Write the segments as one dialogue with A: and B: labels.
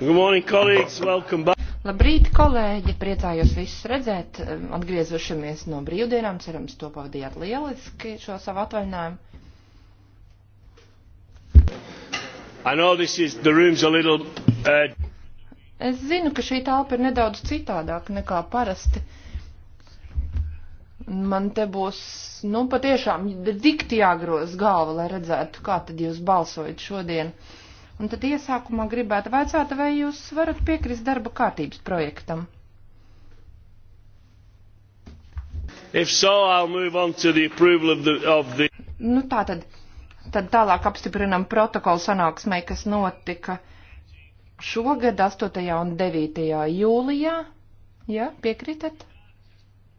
A: Morning,
B: Labrīt, kolēģi! Priecājos visus redzēt. Atgriezušamies no brīvdienām. Cerams, to pavadījāt lieliski šo savu atvaļinājumu.
A: Little, uh...
B: Es zinu, ka šī telpa ir nedaudz citādāka nekā parasti. Man te būs, nu, patiešām dikti jāgroz galva, lai redzētu, kā tad jūs balsojat šodien. Uh, Un tad iesākumā gribētu vajadzētu, vai jūs varat piekrist darba kārtības projektam?
A: If so, I'll move on to the approval of the... Of the...
B: Nu tā tad, tad tālāk apstiprinam protokolu sanāksmē, kas notika šogad 8. un 9. jūlijā. Ja, piekritat?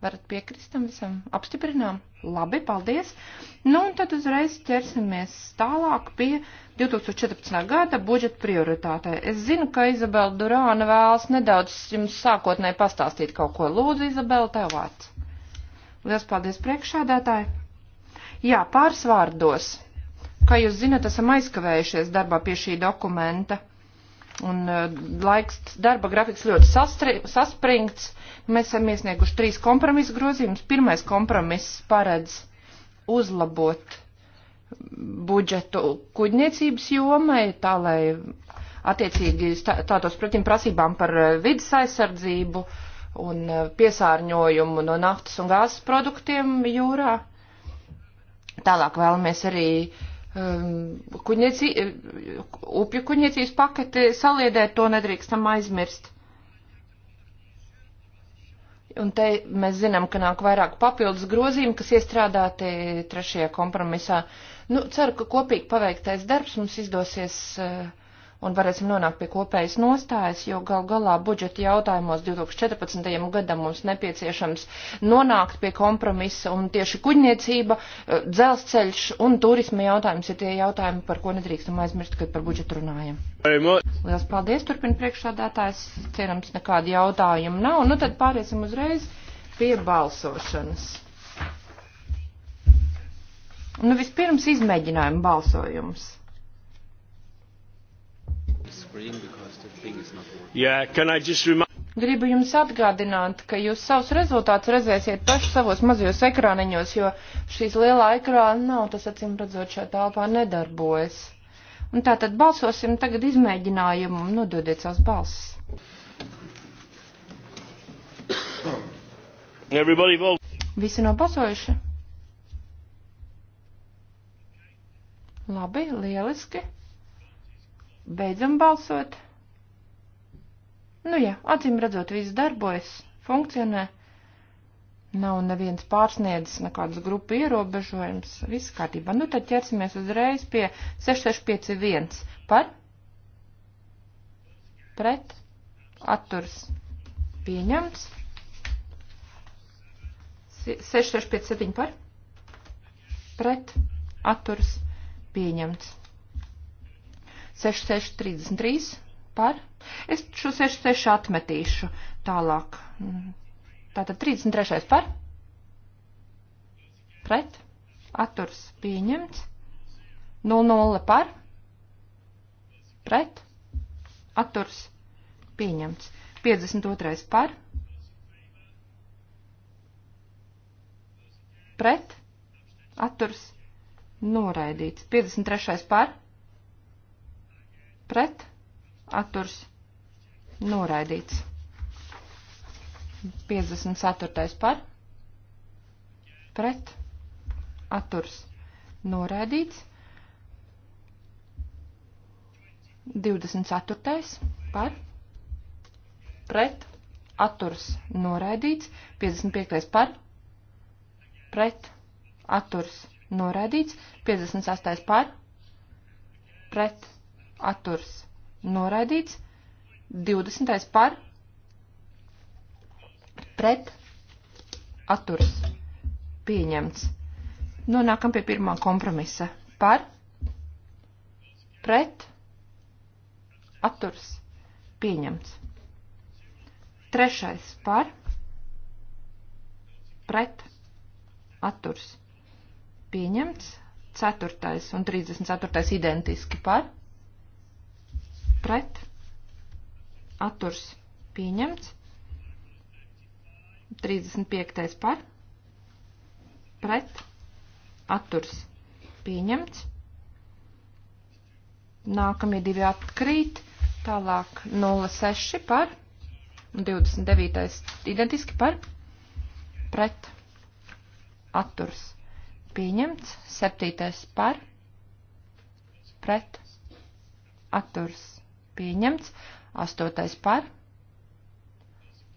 B: Varat piekrist tam visam? Apstiprinām? Labi, paldies. Nu, un tad uzreiz ķersimies tālāk pie 2014. gada budžeta prioritātei. Es zinu, ka Izabela Durāna vēlas nedaudz jums sākotnēji pastāstīt kaut ko. Lūdzu, Izabela, tev vārds. Lielas paldies priekšādātāji. Jā, pāris vārdos. Kā jūs zinat, esam aizkavējušies darbā pie šī dokumenta Un eh, laiks darba grafiks ļoti sastri, saspringts. Mēs esam iesnieguši trīs kompromisu grozījumus. Pirmais kompromiss paredz uzlabot budžetu kuģniecības jomai, tā lai attiecīgi stātos pretim prasībām par eh, vidas aizsardzību un eh, piesārņojumu no naftas un gāzes produktiem jūrā. Tālāk vēlamies arī uh, Ehm, kuņiecī, e, upju kuņiecības paketi saliedēt, to nedrīkstam aizmirst. Un te mēs zinām, ka nāk vairāk papildus grozījumi, kas iestrādāti trešajā kompromisā. Nu, ceru, ka kopīgi paveiktais darbs mums izdosies uh, un varēsim nonākt pie kopējas nostājas, jo gal galā budžeta jautājumos 2014. gadam mums nepieciešams nonākt pie kompromisa, un tieši kuģniecība, eh, dzelzceļš un turisma jautājums ir tie jautājumi, par ko nedrīkstam aizmirst, kad par budžetu runājam.
A: Lielas
B: paldies, turpina priekšādātājs, cerams, nekādu jautājumu nav, nu tad pāriesim uzreiz pie balsošanas. Nu, vispirms izmēģinājumu balsojums. Gribu jums atgādināt, ka jūs savus rezultātus redzēsiet paši savos mazajos ekrāniņos, jo šīs lielā ekrāna nav, tas acīm redzot šajā telpā nedarbojas. Un tā tad balsosim tagad izmēģinājumu un nododiet savas balsis. Visi nobalsojuši? Labi, lieliski. Beidzam balsot. Nu jā, acīm redzot, viss darbojas, funkcionē. Nav neviens pārsniedzis nekādas grupu ierobežojums. Viss kārtībā. Nu tad ķersimies uzreiz pie 6651. Par? Pret? Atturs. Pieņemts. 6657 par? Pret? Atturs. Pieņemts. 6633 par. Es šo 66 atmetīšu tālāk. Tātad 33 par. Pret. Atturs pieņemts. 00 par. Pret. Atturs pieņemts. 52 par. Pret. Atturs noraidīts. 53 par pret, atturs, noraidīts. 54. par, pret, atturs, noraidīts. 24. par, pret, atturs, noraidīts. 55. par, pret, atturs, noraidīts. 58. par, pret, atturs noraidīts, 20. par, pret, atturs pieņemts. Nonākam pie pirmā kompromisa par, pret, atturs pieņemts. Trešais par, pret, atturs pieņemts. Ceturtais un 34. identiski par, pret pret, atturs pieņemts, 35. par, pret, atturs pieņemts, nākamie divi atkrīt, tālāk 06 par, 29. identiski par, pret, atturs pieņemts, 7. par, pret, atturs pieņemts pieņemts. Astotais par,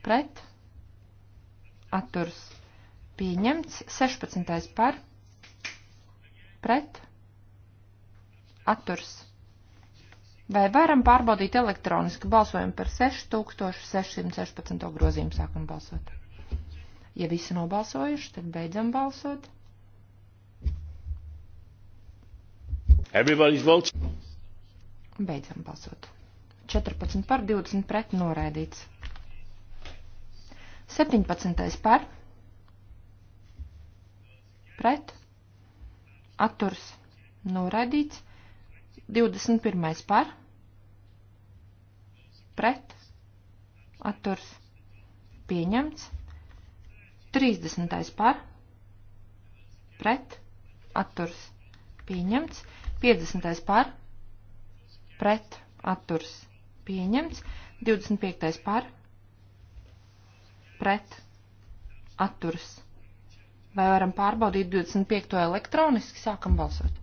B: pret, atturs pieņemts. 16. par, pret, atturs. Vai varam pārbaudīt elektroniski balsojumu par 6616 grozījumu sākam balsot? Ja visi nobalsojuši, tad beidzam balsot.
A: Everybody's votes.
B: Beidzam balsot. 14 par 20 pret noraidīts. 17. par pret atturs noraidīts. 21. par pret atturs pieņemts. 30. par pret atturs pieņemts. 50. par pret atturs pieņemts atturs pieņemts. 25. par, pret, atturs. Vai varam pārbaudīt 25. elektroniski? Sākam balsot.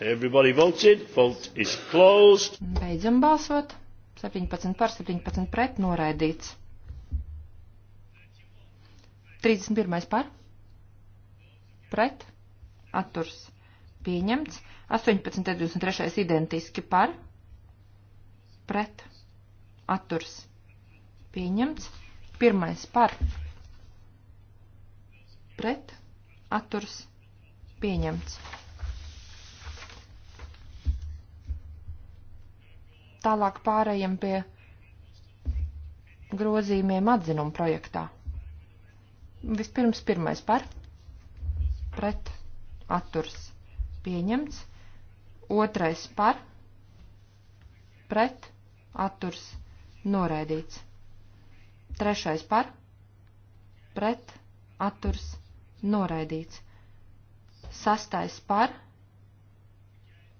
A: Everybody voted. Vote is closed.
B: Beidzam balsot. 17 par, 17 pret, noraidīts. 31. par, pret, atturs. Pieņemts. 18. 23. identiski par, pret pret, atturs, pieņemts, pirmais par, pret, atturs, pieņemts. Tālāk pārējiem pie grozījumiem atzinuma projektā. Vispirms pirmais par, pret, atturs, pieņemts, otrais par, pret, atturs atturs, noraidīts. Trešais par, pret, atturs, noraidīts. Sastais par,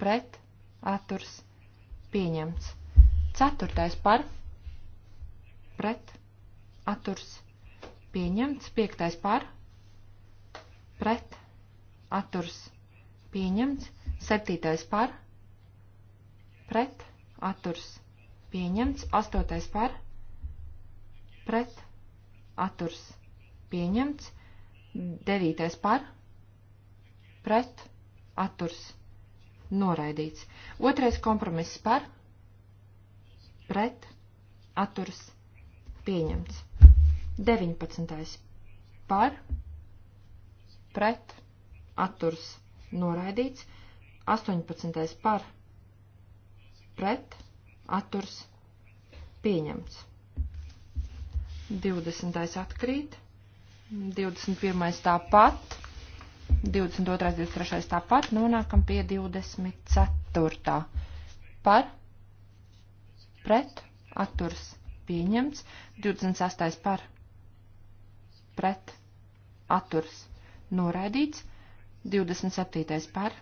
B: pret, atturs, pieņemts. Ceturtais par, pret, atturs, pieņemts. Piektais par, pret, atturs, pieņemts. Septītais par, pret, atturs, pieņemts pieņemts, 8. par, pret, atturs, pieņemts, 9. par, pret, atturs, noraidīts. Otrais kompromiss par, pret, atturs, pieņemts. 19. par, pret, atturs, noraidīts. 18. par, pret, atturs atturs pieņemts. 20. atkrīt, 21. tāpat, 22. 23. tāpat, nonākam pie 24. par, pret, atturs pieņemts, 26. par, pret, atturs noraidīts, 27. par,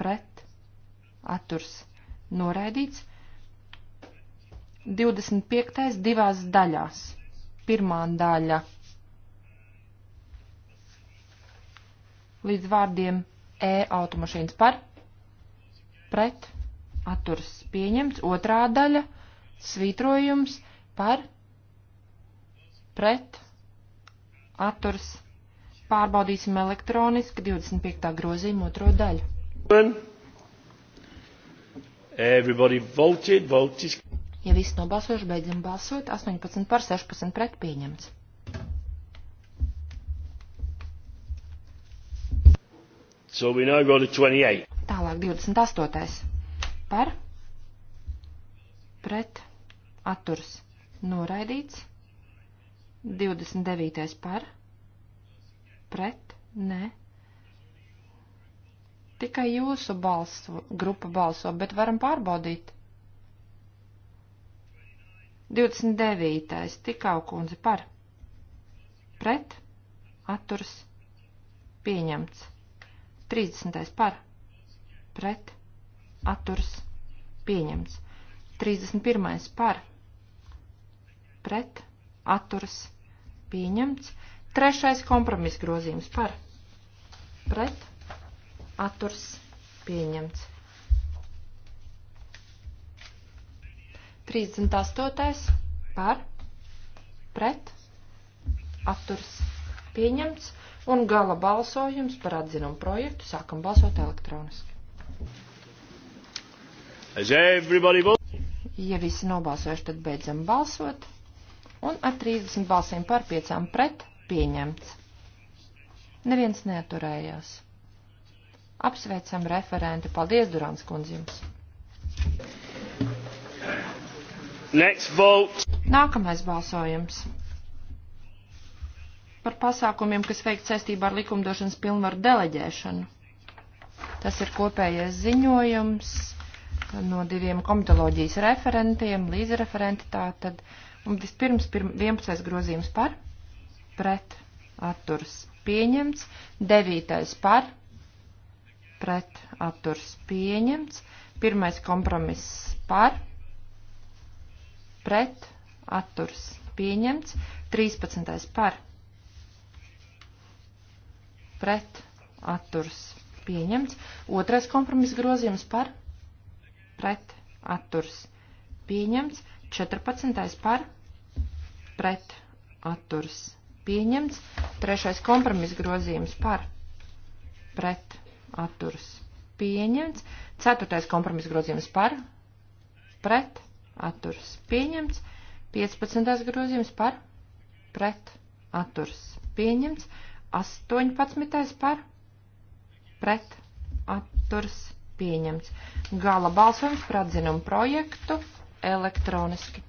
B: pret, atturs pieņemts Noraidīts. 25. divās daļās. Pirmā daļa līdz vārdiem E automašīnas par, pret, atturs pieņemts, otrā daļa, svītrojums par, pret, atturs. Pārbaudīsim elektroniski 25. grozījumu otro daļu. Ben.
A: Everybody voted, vote
B: is... Ja viss nav balsojuši, beidzam balsot. 18 par 16 pret pieņemts.
A: So we now go to 28.
B: Tālāk 28. Par pret atturs noraidīts. 29. par pret ne Tikai jūsu balsu, grupa balso, bet varam pārbaudīt. 29. tikau kundze par. Pret. Atturs. Pieņemts. 30. par. Pret. Atturs. Pieņemts. 31. par. Pret. Atturs. Pieņemts. Trešais kompromis grozījums par. Pret atturs pieņemts. 38. par, pret, atturs pieņemts un gala balsojums par atzinumu projektu sākam balsot elektroniski. Ja visi nobalsojuši, tad beidzam balsot un ar 30 balsīm par 5 pret pieņemts. Neviens neaturējās. Apsveicam referenti. Paldies, Durāns kundze jums.
A: Next vote.
B: Nākamais balsojums. Par pasākumiem, kas veikt saistībā ar likumdošanas pilnvaru deleģēšanu. Tas ir kopējais ziņojums no diviem komitoloģijas referentiem, līdzreferenti tātad. Un vispirms 11. grozījums par, pret, atturs pieņemts, 9. par, pret atturs pieņemts. Pirmais kompromiss par pret atturs pieņemts. 13. par pret atturs pieņemts. Otrais kompromiss grozījums par pret atturs pieņemts. 14. par pret atturs pieņemts. Trešais kompromiss grozījums par pret atturas pieņemts. Ceturtais kompromiss grozījums par, pret, atturas pieņemts. 15. grozījums par, pret, atturas pieņemts. 18. par, pret, atturas pieņemts. Gala balsojums par atzinumu projektu elektroniski.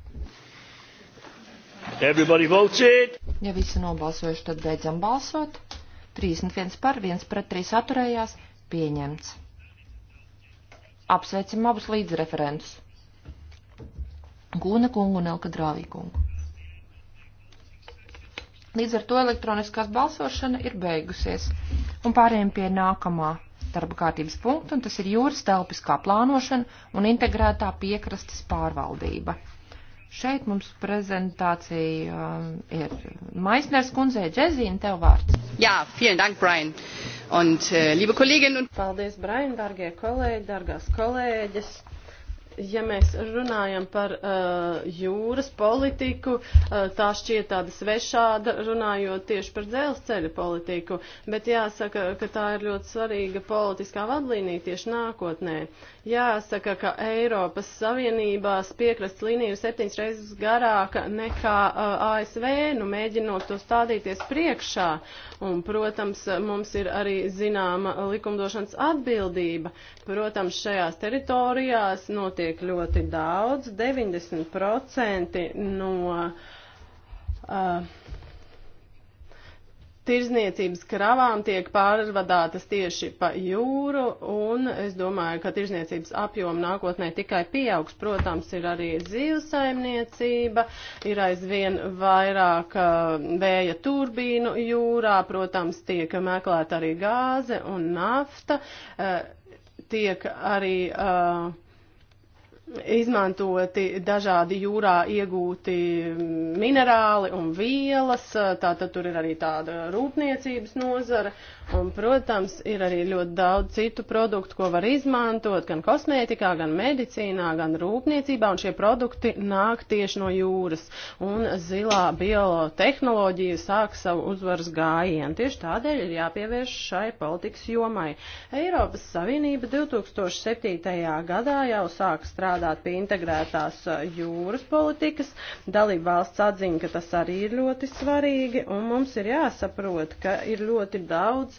A: Everybody voted.
B: Ja visi nobalsojuši, tad beidzam balsot. 31 par, 1 pret 3 atturējās. Pieņemts. Apsveicam abus līdzreferentus. Gūna kungu un Elka Drāvī kungu. Līdz ar to elektroniskās balsošana ir beigusies, un pārējiem pie nākamā darba kārtības punkta, un tas ir jūras telpiskā plānošana un integrētā piekrastes pārvaldība. Šeit mums prezentācija um, ir Maisners kundzei. Džezīna, tev vārds. Jā, vielen dank, Brian. Und, uh, liebe Kolleginnen un...
C: Paldies, Brian, dargie kolēģi, dargās kolēģis. Uh, ja mēs runājam par uh, jūras politiku, uh, tā šķiet tāda svešāda, runājot tieši par dzelzceļa politiku, bet jāsaka, ka tā ir ļoti svarīga politiskā vadlīnija tieši nākotnē. Jāsaka, ka Eiropas Savienībās piekrasts līnija ir septiņas reizes garāka nekā uh, ASV, nu mēģinot to stādīties priekšā. Uh, Un, protams, mums ir arī zināma likumdošanas atbildība. Protams, šajās teritorijās notiek ļoti daudz, 90% no. Uh, tirzniecības kravām tiek pārvadātas tieši pa jūru, un es domāju, ka tirzniecības apjoma nākotnē tikai pieaugs. Protams, ir arī zīvesaimniecība, ir aizvien vairāk uh, vēja turbīnu jūrā, protams, tiek meklēta arī gāze un nafta, uh, tiek arī. Uh, izmantoti dažādi jūrā iegūti minerāli un vielas, tātad tur ir arī tāda rūpniecības nozara, Un, protams, ir arī ļoti daudz citu produktu, ko var izmantot gan kosmētikā, gan medicīnā, gan rūpniecībā, un šie produkti nāk tieši no jūras. Un zilā biotehnoloģija sāk savu uzvaras gājienu. Tieši tādēļ ir jāpievērš šai politikas jomai. Eiropas Savienība 2007. gadā jau sāk strādāt pie integrētās uh, jūras politikas. Dalība valsts atzina, ka tas arī ir ļoti svarīgi, un mums ir jāsaprot, ka ir ļoti daudz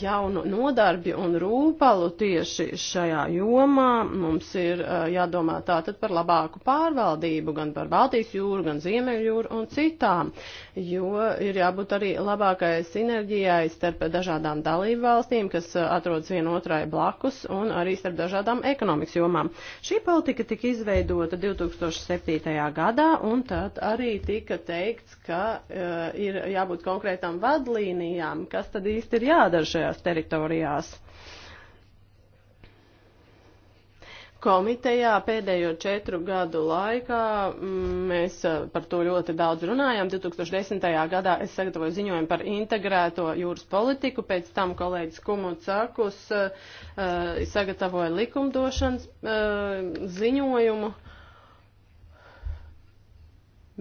C: jaunu nodarbi un rūpalu tieši šajā jomā. Mums ir jādomā tātad par labāku pārvaldību gan par Baltijas jūru, gan Ziemeļjūru un citām, jo ir jābūt arī labākai sinerģijai starp dažādām dalību valstīm, kas atrodas vienotrai blakus un arī starp dažādām ekonomikas jomām. Šī politika tika izveidota 2007. gadā un tad arī tika teikts, ka uh, ir jābūt konkrētām vadlīnijām, kas tad īsti ir jādara jādara šajās teritorijās. Komitejā pēdējo četru gadu laikā mm, mēs eh, par to ļoti daudz runājām. 2010. gadā es sagatavoju ziņojumu par integrēto jūras politiku, pēc tam kolēģis Kumucakus uh, sagatavoja likumdošanas uh, ziņojumu.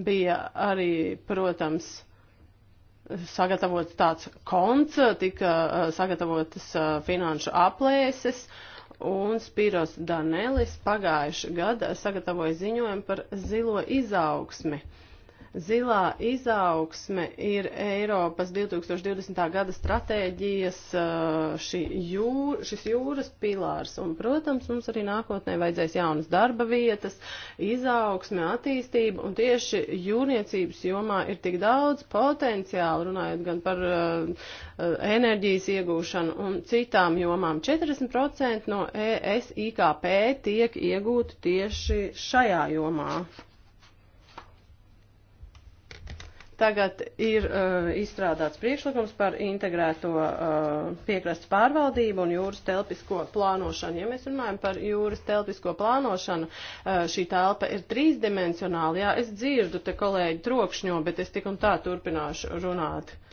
C: Bija arī, protams, sagatavots tāds konts, tika uh, sagatavotas uh, finanšu aplēses, un Spiros Danelis pagājuši gada sagatavoja ziņojumu par zilo izaugsmi. Uh, Zilā izaugsme ir Eiropas 2020. gada stratēģijas šī jūr, šis jūras pilārs, un, protams, mums arī nākotnē vajadzēs jaunas darba vietas, izaugsme, attīstība, un tieši jūrniecības jomā ir tik daudz potenciāli, runājot gan par uh, enerģijas iegūšanu un citām jomām. 40% no ES IKP tiek iegūti tieši šajā jomā. Tagad ir uh, izstrādāts priekšlikums par integrēto uh, piekrastu pārvaldību un jūras telpisko plānošanu. Ja mēs runājam par jūras telpisko plānošanu, uh, šī telpa ir trīsdimensionāla. Jā, es dzirdu te kolēģi trokšņo, bet es tik un tā turpināšu runāt. Uh,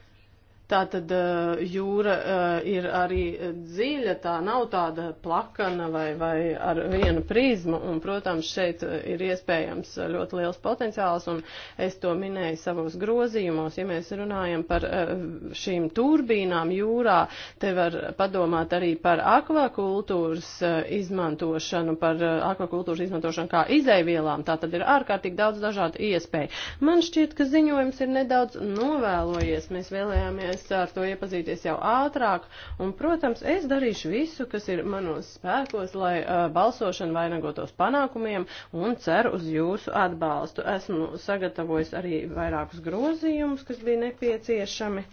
C: Tā tad eh, jūra eh, ir arī dziļa, tā nav tāda plakana vai, vai ar vienu prizmu, un, protams, šeit eh, ir iespējams ļoti liels potenciāls, un es to minēju savos grozījumos. Ja mēs runājam par šīm turbīnām jūrā, te var padomāt arī par akvakultūras izmantošanu, par akvakultūras izmantošanu kā izēvielām, tā tad ir ārkārtīgi daudz dažādu iespēju. Man šķiet, ka ziņojums ir nedaudz novēlojies. Mēs vēlējāmies mēs ar to iepazīties jau ātrāk. Un, protams, es darīšu visu, kas ir manos spēkos, lai uh, balsošana vainagotos panākumiem un ceru uz jūsu atbalstu. Esmu sagatavojis arī vairākus grozījumus, kas bija nepieciešami.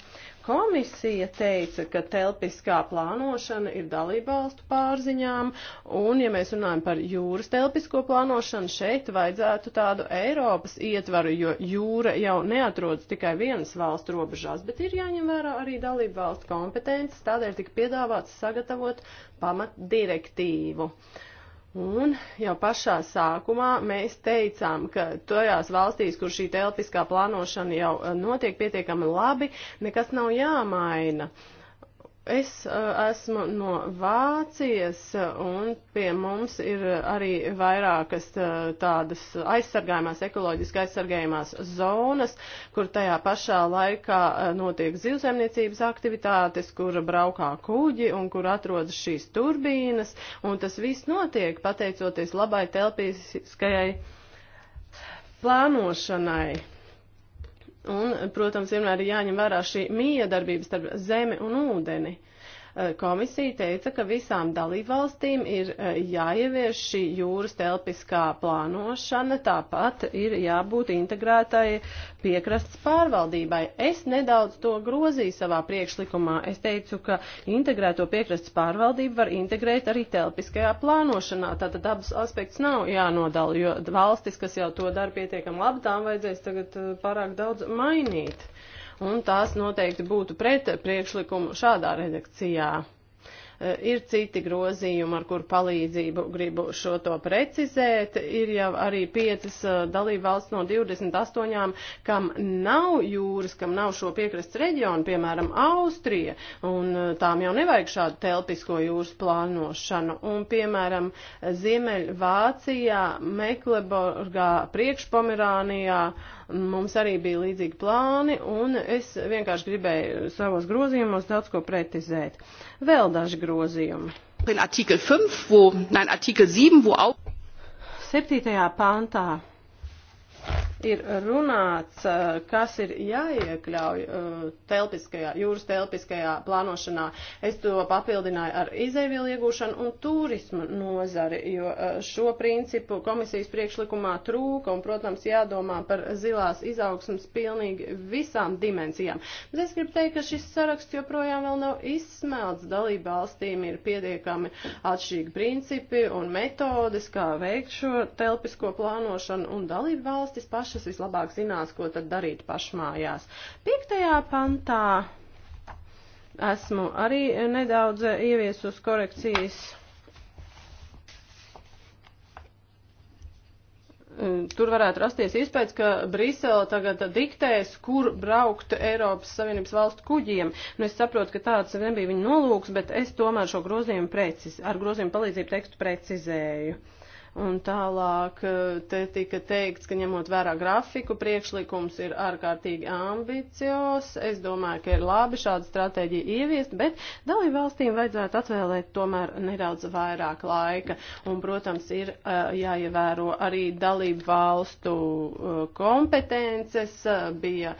C: Komisija teica, ka telpiskā plānošana ir dalībvalstu pārziņām, un, ja mēs runājam par jūras telpisko plānošanu, šeit vajadzētu tādu Eiropas ietvaru, jo jūra jau neatrodas tikai vienas valsts robežās, bet ir jāņem vērā arī dalībvalstu kompetences, tādēļ tika piedāvāts sagatavot pamatdirektīvu. direktīvu. Un jau pašā sākumā mēs teicām, ka tajās valstīs, kur šī telpiskā plānošana jau eh, notiek pietiekami labi, nekas nav jāmaina. Uh, Es uh, esmu no Vācijas, un pie mums ir arī vairākas uh, tādas aizsargājumās, ekoloģiski aizsargājumās zonas, kur tajā pašā laikā uh, notiek zivsaimniecības aktivitātes, kur braukā kuģi un kur atrodas šīs turbīnas, un tas viss notiek pateicoties labai telpiskajai plānošanai. Un, protams, vienmēr ir jāņem vērā šī mīja darbības starp zemi un ūdeni. Uh, Eh, komisija teica, ka visām dalībvalstīm ir eh, jāievieš šī jūras telpiskā plānošana, tāpat ir jābūt integrētai piekrastas pārvaldībai. Es nedaudz to grozīju savā priekšlikumā. Es teicu, ka integrēto piekrastas pārvaldību var integrēt arī telpiskajā plānošanā. Tātad abus aspektus nav jānodala, jo valstis, kas jau to dara pietiekam labi, tām vajadzēs tagad eh, pārāk daudz mainīt un tās noteikti būtu pret priekšlikumu šādā redakcijā. E, ir citi grozījumi, ar kur palīdzību gribu šo to precizēt. Ir jau arī piecas e, dalībvalsts no 28, kam nav jūras, kam nav šo piekrasts reģionu, piemēram, Austrija, un e, tām jau nevajag šādu telpisko jūras plānošanu. Un, piemēram, Ziemeļvācijā, Mekleborgā, Priekšpomerānijā, uh, Mums arī bija līdzīgi plāni, un es vienkārši gribēju savos grozījumos daudz ko pretizēt. Vēl daži grozījumi.
B: In artikel 5, wo, nein, artikel 7, wo auch.
C: 7. pāntā ir runāts, kas ir jāiekļauj telpiskajā, jūras telpiskajā plānošanā. Es to papildināju ar izēvielu iegūšanu un turismu nozari, jo šo principu komisijas priekšlikumā trūka un, protams, jādomā par zilās izaugsmas pilnīgi visām dimensijām. Bet es gribu teikt, ka šis saraksts joprojām vēl nav izsmelts. Dalība valstīm ir pietiekami atšķirīgi principi un metodes, kā veikt šo telpisko plānošanu un dalību valsts valstis pašas vislabāk zinās, ko tad darīt pašmājās. Piektajā pantā esmu arī nedaudz ieviesus korekcijas. Tur varētu rasties iespējas, ka Brisele tagad diktēs, kur braukt Eiropas Savienības valstu kuģiem. Nu, es saprotu, ka tāds nebija viņa nolūks, bet es tomēr šo grozījumu preciz, ar grozījumu palīdzību tekstu precizēju. Uh, Un tālāk eh, te tika teikts, ka ņemot vērā grafiku, priekšlikums ir ārkārtīgi ambicios. Es domāju, ka ir labi šādu stratēģiju ieviest, bet dalību valstīm vajadzētu atvēlēt tomēr nedaudz vairāk laika. Un, protams, ir eh, jāievēro arī dalību valstu eh, kompetences, bija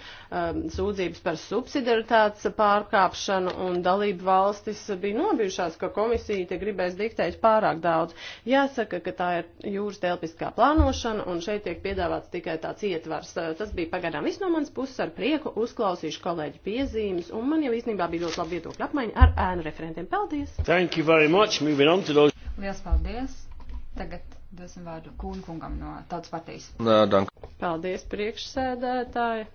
C: sūdzības par subsidiaritātes pārkāpšanu, un dalību valstis bija nobijušās, ka komisija te gribēs diktēt pārāk daudz. Jāsaka, ka tā ir jūras telpiskā plānošana, un šeit tiek piedāvāts tikai tāds ietvars. Tas bija pagaidām viss no manas puses, ar prieku uzklausīšu kolēģi piezīmes, un man jau īstenībā bija ļoti labi viedokļa apmaiņa ar ēnu referentiem. Paldies!
A: Thank you very much! Moving on to those.
C: Liels paldies! Tagad dosim vārdu Kūnkungam no Tautas partijas. Nā, dank. Paldies, priekšsēdētāji!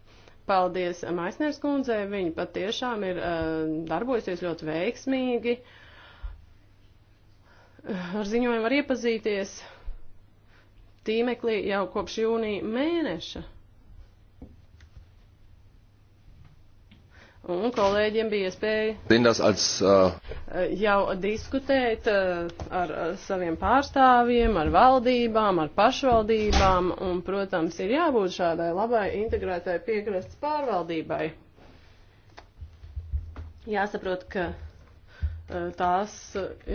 C: paldies Maisners kundzei, viņa patiešām ir uh, darbojusies ļoti veiksmīgi. Ar ziņojumu var iepazīties tīmeklī jau kopš jūnija mēneša. Un kolēģiem bija iespēja
D: als, uh...
C: Eh, jau diskutēt eh, ar eh, saviem pārstāvjiem, ar valdībām, ar pašvaldībām, un, protams, ir jābūt šādai labai integrētai piekrastes pārvaldībai. Jāsaprot, ka tās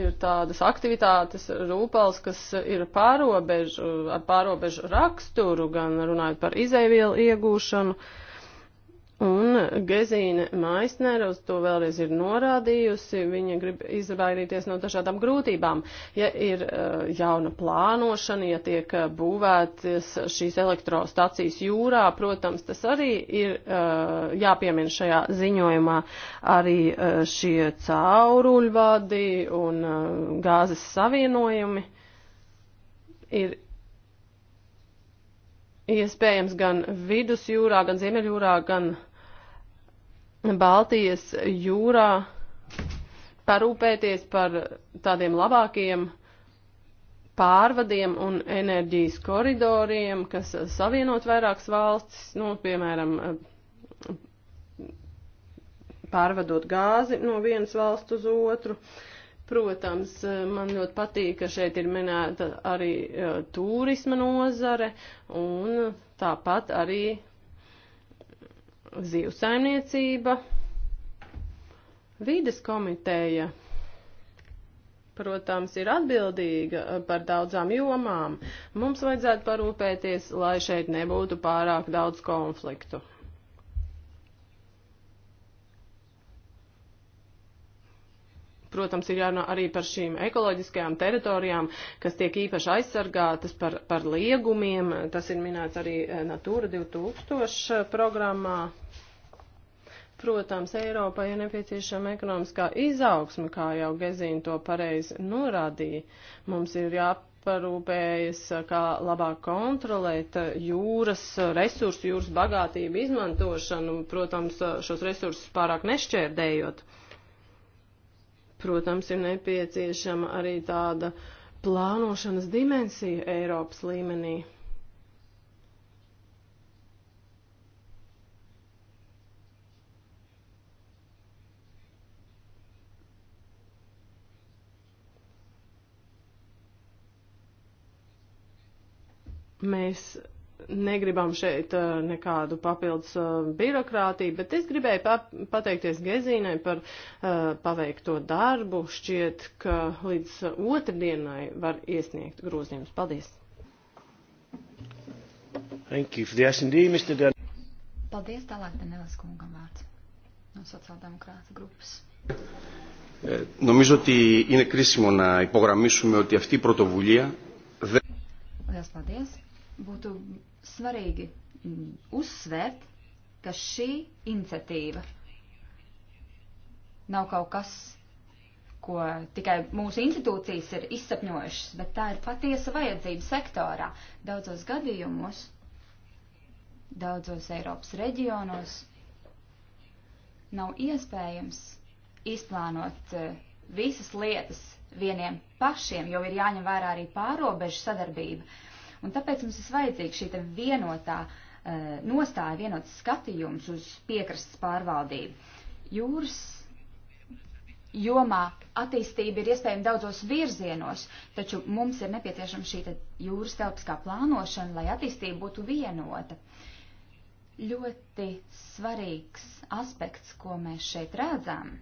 C: ir tādas aktivitātes rūpels, kas ir pārobežu, ar pārobežu raksturu, gan runājot par izēvielu iegūšanu, uh, Un Gezīne Maisnere uz to vēlreiz ir norādījusi, viņa grib izvairīties no dažādām grūtībām. Ja ir uh, jauna plānošana, ja tiek uh, būvētas šīs elektrostacijas jūrā, protams, tas arī ir uh, jāpiemina šajā ziņojumā arī uh, šie cauruļvadi un uh, gāzes savienojumi ir iespējams gan vidusjūrā, gan ziemeļjūrā, gan Baltijas jūrā parūpēties par tādiem labākiem pārvadiem un enerģijas koridoriem, kas savienot vairākas valstis, nu, piemēram, pārvadot gāzi no vienas valsts uz otru. Uh, Protams, eh, man ļoti patīk, ka šeit ir minēta arī eh, turisma nozare un tāpat arī zīvsaimniecība, vides komiteja. Protams, ir atbildīga eh, par daudzām jomām. Mums vajadzētu parūpēties, lai šeit nebūtu pārāk daudz konfliktu. protams, ir jārunā arī par šīm ekoloģiskajām teritorijām, kas tiek īpaši aizsargātas par, par liegumiem. Tas ir minēts arī eh, Natūra 2000 programmā. Protams, Eiropai ir nepieciešama ekonomiskā izaugsme, kā jau Gezīna to pareizi norādīja. Mums ir jāparūpējas, kā labāk kontrolēt jūras resursu, jūras bagātību izmantošanu, protams, šos resursus pārāk nešķērdējot. Protams, ir nepieciešama arī tāda plānošanas dimensija Eiropas līmenī. Mēs negribam šeit uh, nekādu papildus uh, birokrātiju, bet es gribēju pateikties Gezīnai par uh, paveikto darbu. Šķiet, ka līdz otrdienai var iesniegt grozījumus. Paldies!
A: Thank you for the S&D, Mr. Dan.
D: Paldies, tālāk Danelis kungam vārds no sociāldemokrāta grupas.
A: Νομίζω ότι είναι κρίσιμο να υπογραμμίσουμε ότι αυτή η πρωτοβουλία δεν...
D: Paldies, paldies. Būtu svarīgi mm, uzsvērt, ka šī iniciatīva nav kaut kas, ko tikai mūsu institūcijas ir izsapņojušas, bet tā ir patiesa vajadzība sektorā. Daudzos gadījumos, daudzos Eiropas reģionos nav iespējams izplānot eh, visas lietas vieniem pašiem, jo ir jāņem vērā arī pārobežu sadarbība. Un tāpēc mums ir vajadzīga šī vienotā uh, nostāja, vienots skatījums uz piekrastes pārvaldību. Jūras jomā attīstība ir iespējama daudzos virzienos, taču mums ir nepieciešama šī jūras telpiskā plānošana, lai attīstība būtu vienota. Ļoti svarīgs aspekts, ko mēs šeit redzam,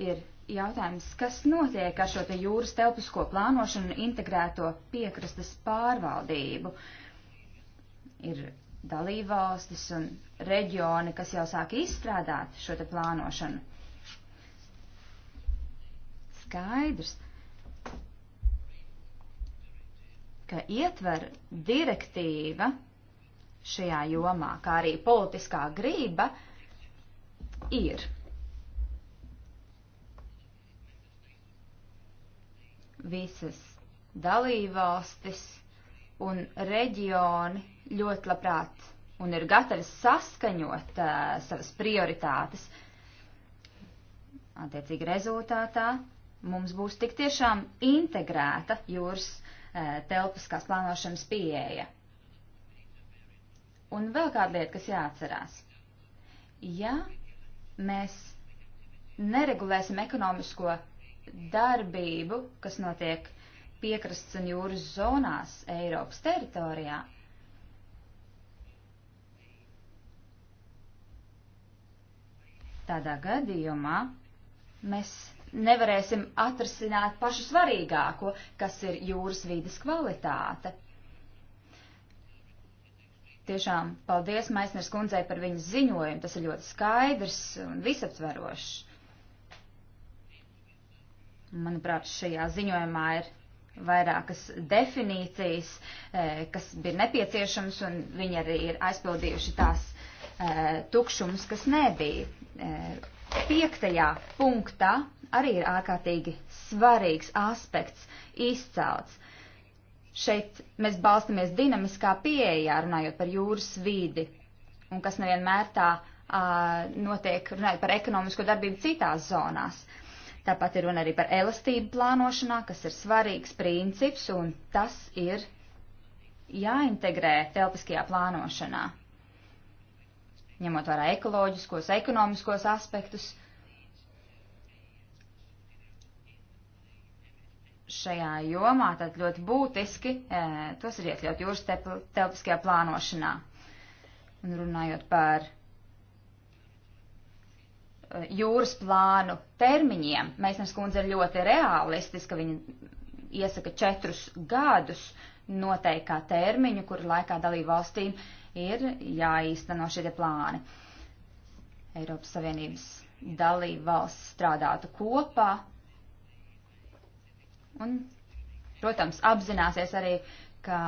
D: ir jautājums, kas notiek ar šo te jūras telpisko plānošanu un integrēto piekrastes pārvaldību? Ir dalībvalstis un reģioni, kas jau sāk izstrādāt šo te plānošanu. Skaidrs, ka ietver direktīva šajā jomā, kā arī politiskā grība ir. visas dalībvalstis un reģioni ļoti labprāt un ir gatavi saskaņot uh, savas prioritātes. Attiecīgi rezultātā mums būs tik tiešām integrēta jūras uh, telpiskās plānošanas pieeja. Un vēl kāda lieta, kas jāatcerās. Ja mēs neregulēsim ekonomisko darbību, kas notiek piekrastes un jūras zonās Eiropas teritorijā. Tādā gadījumā mēs nevarēsim atrasināt pašu svarīgāko, kas ir jūras vīdes kvalitāte. Tiešām paldies Maisners kundzei par viņas ziņojumu, tas ir ļoti skaidrs un visaptverošs. Manuprāt, šajā ziņojumā ir vairākas definīcijas, eh, kas bija nepieciešams, un viņi arī ir aizpildījuši tās eh, tukšums, kas nebija. Eh, piektajā punktā arī ir ārkārtīgi svarīgs aspekts izcelts. Šeit mēs balstamies dinamiskā pieejā, runājot par jūras vidi, un kas nevienmēr tā notiek, runājot par ekonomisko darbību citās zonās. Uh, Tāpat ir runa arī par elastību plānošanā, kas ir svarīgs princips, un tas ir jāintegrē telpiskajā plānošanā, ņemot vērā ekoloģiskos, ekonomiskos aspektus. Šajā jomā tad ļoti būtiski e, tos ir iekļaut jūras telpiskajā plānošanā. Un runājot par Eh, jūras plānu termiņiem. Meisnes kundze ir ļoti realistiska, viņa iesaka četrus gadus noteikt kā termiņu, kur laikā dalību valstīm ir jāīsteno šie plāni. Eiropas Savienības dalību valsts strādātu kopā un, protams, apzināsies arī, ka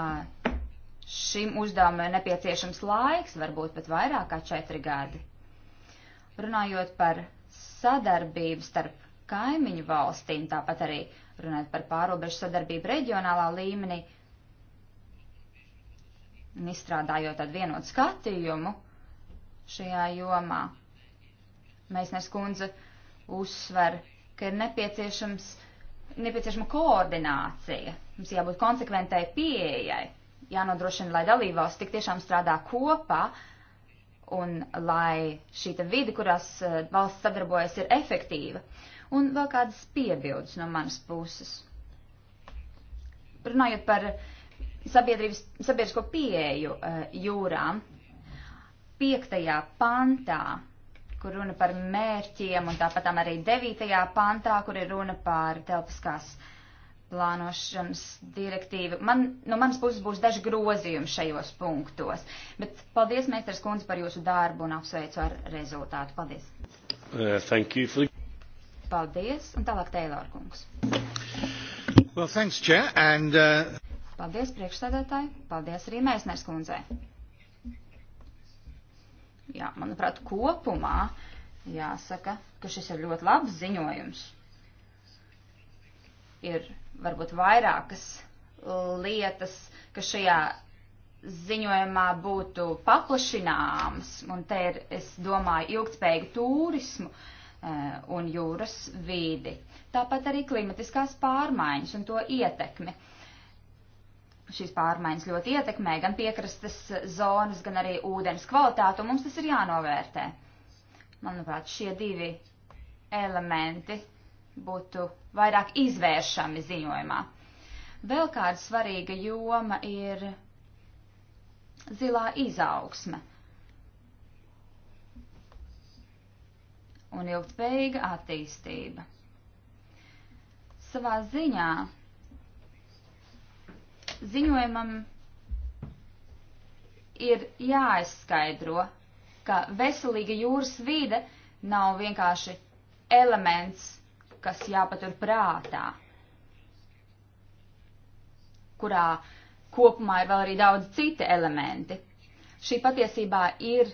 D: šim uzdevumam ir nepieciešams laiks, varbūt pat vairāk kā četri gadi. Runājot par sadarbību starp kaimiņu valstīm, tāpat arī runājot par pārobežu sadarbību reģionālā līmenī un izstrādājot tādu vienotu skatījumu šajā jomā. Mēsnes kundze uzsver, ka ir nepieciešams, nepieciešama koordinācija, mums jābūt konsekventai pieejai, jānodrošina, lai dalībvalsts tik tiešām strādā kopā, uh, un lai šī vide, kurās eh, valsts sadarbojas, ir efektīva. Un vēl kādas piebildes no manas puses. Runājot par sabiedrības, sabiedrisko pieeju eh, jūrām, piektajā pantā, kur runa par mērķiem, un tāpatām arī devītajā pantā, kur ir runa par telpiskās uh, plānošanas direktīva. Man, no manas puses būs daži grozījumi šajos punktos. Bet paldies, Mēsters Kundze, par jūsu darbu un apsveicu ar rezultātu. Paldies.
A: Uh, thank you for...
D: Paldies. Un tālāk Teilor Kungs.
A: Well, thanks, Chair, and, uh...
D: Paldies, priekšsēdētāji. Paldies arī Mēsners Kundzei. Jā, manuprāt, kopumā jāsaka, ka šis ir ļoti labs ziņojums. Ir varbūt vairākas lietas, kas šajā ziņojumā būtu paplašināmas, un te ir, es domāju, ilgspējīgu turismu eh, un jūras vīdi. Tāpat arī klimatiskās pārmaiņas un to ietekmi. Šīs pārmaiņas ļoti ietekmē gan piekrastes zonas, gan arī ūdens kvalitātu, un mums tas ir jānovērtē. Manuprāt, šie divi elementi būtu vairāk izvēršami ziņojumā. Vēl kāda svarīga joma ir zilā izaugsme un ilgtspējīga attīstība. Savā ziņā ziņojumam ir jāizskaidro, ka veselīga jūras vide nav vienkārši elements kas jāpatur prātā, kurā kopumā ir vēl arī daudz citi elementi. Šī patiesībā ir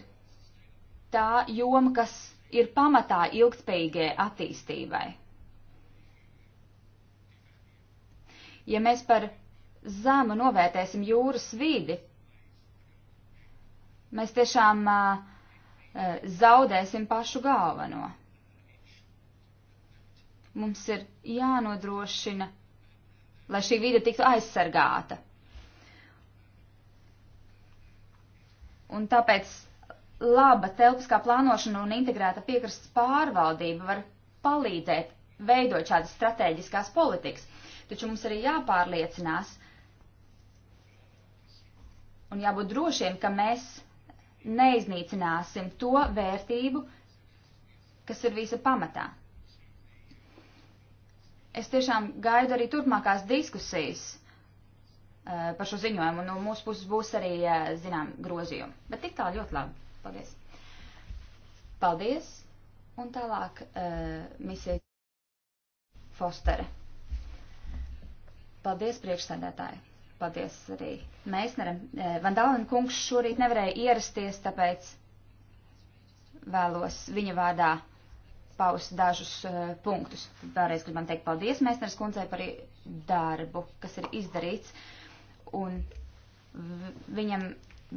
D: tā joma, kas ir pamatā ilgspējīgai attīstībai. Ja mēs par zemu novērtēsim jūras vidi, mēs tiešām uh, zaudēsim pašu galveno. Mums ir jānodrošina, lai šī vide tiktu aizsargāta. Un tāpēc laba telpiskā plānošana un integrēta piekrastes pārvaldība var palīdzēt veidot šādas strateģiskās politikas. Taču mums arī jāpārliecinās un jābūt drošiem, ka mēs neiznīcināsim to vērtību, kas ir visa pamatā es tiešām gaidu arī turpmākās diskusijas uh, par šo ziņojumu. No nu, mūsu puses būs arī, uh, zinām, grozījumi. Bet tik tālu ļoti labi. Paldies. Paldies. Un tālāk uh, misija Fostere. Paldies, priekšsēdētāji. Paldies arī Meisneram. Vandālina kungs šorīt nevarēja ierasties, tāpēc vēlos viņa vārdā paust dažus uh, punktus. Vēlreiz gribam teikt paldies Mēsneres kundzei par darbu, kas ir izdarīts. Un viņam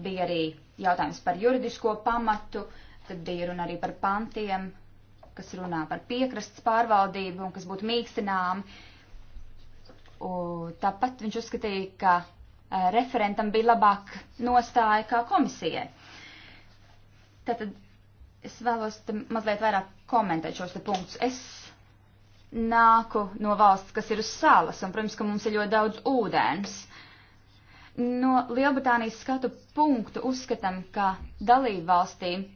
D: bija arī jautājums par juridisko pamatu, tad bija runa arī par pantiem, kas runā par piekrastes pārvaldību un kas būtu mīkstināmi. Un tāpat viņš uzskatīja, ka uh, referentam bija labāk nostāja kā komisijai. Tātad es vēlos mazliet vairāk komentēt šos te punktus. Es nāku no valsts, kas ir uz salas, un, protams, ka mums ir ļoti daudz ūdens. No Lielbritānijas skatu punktu uzskatam, ka dalību valstīm e,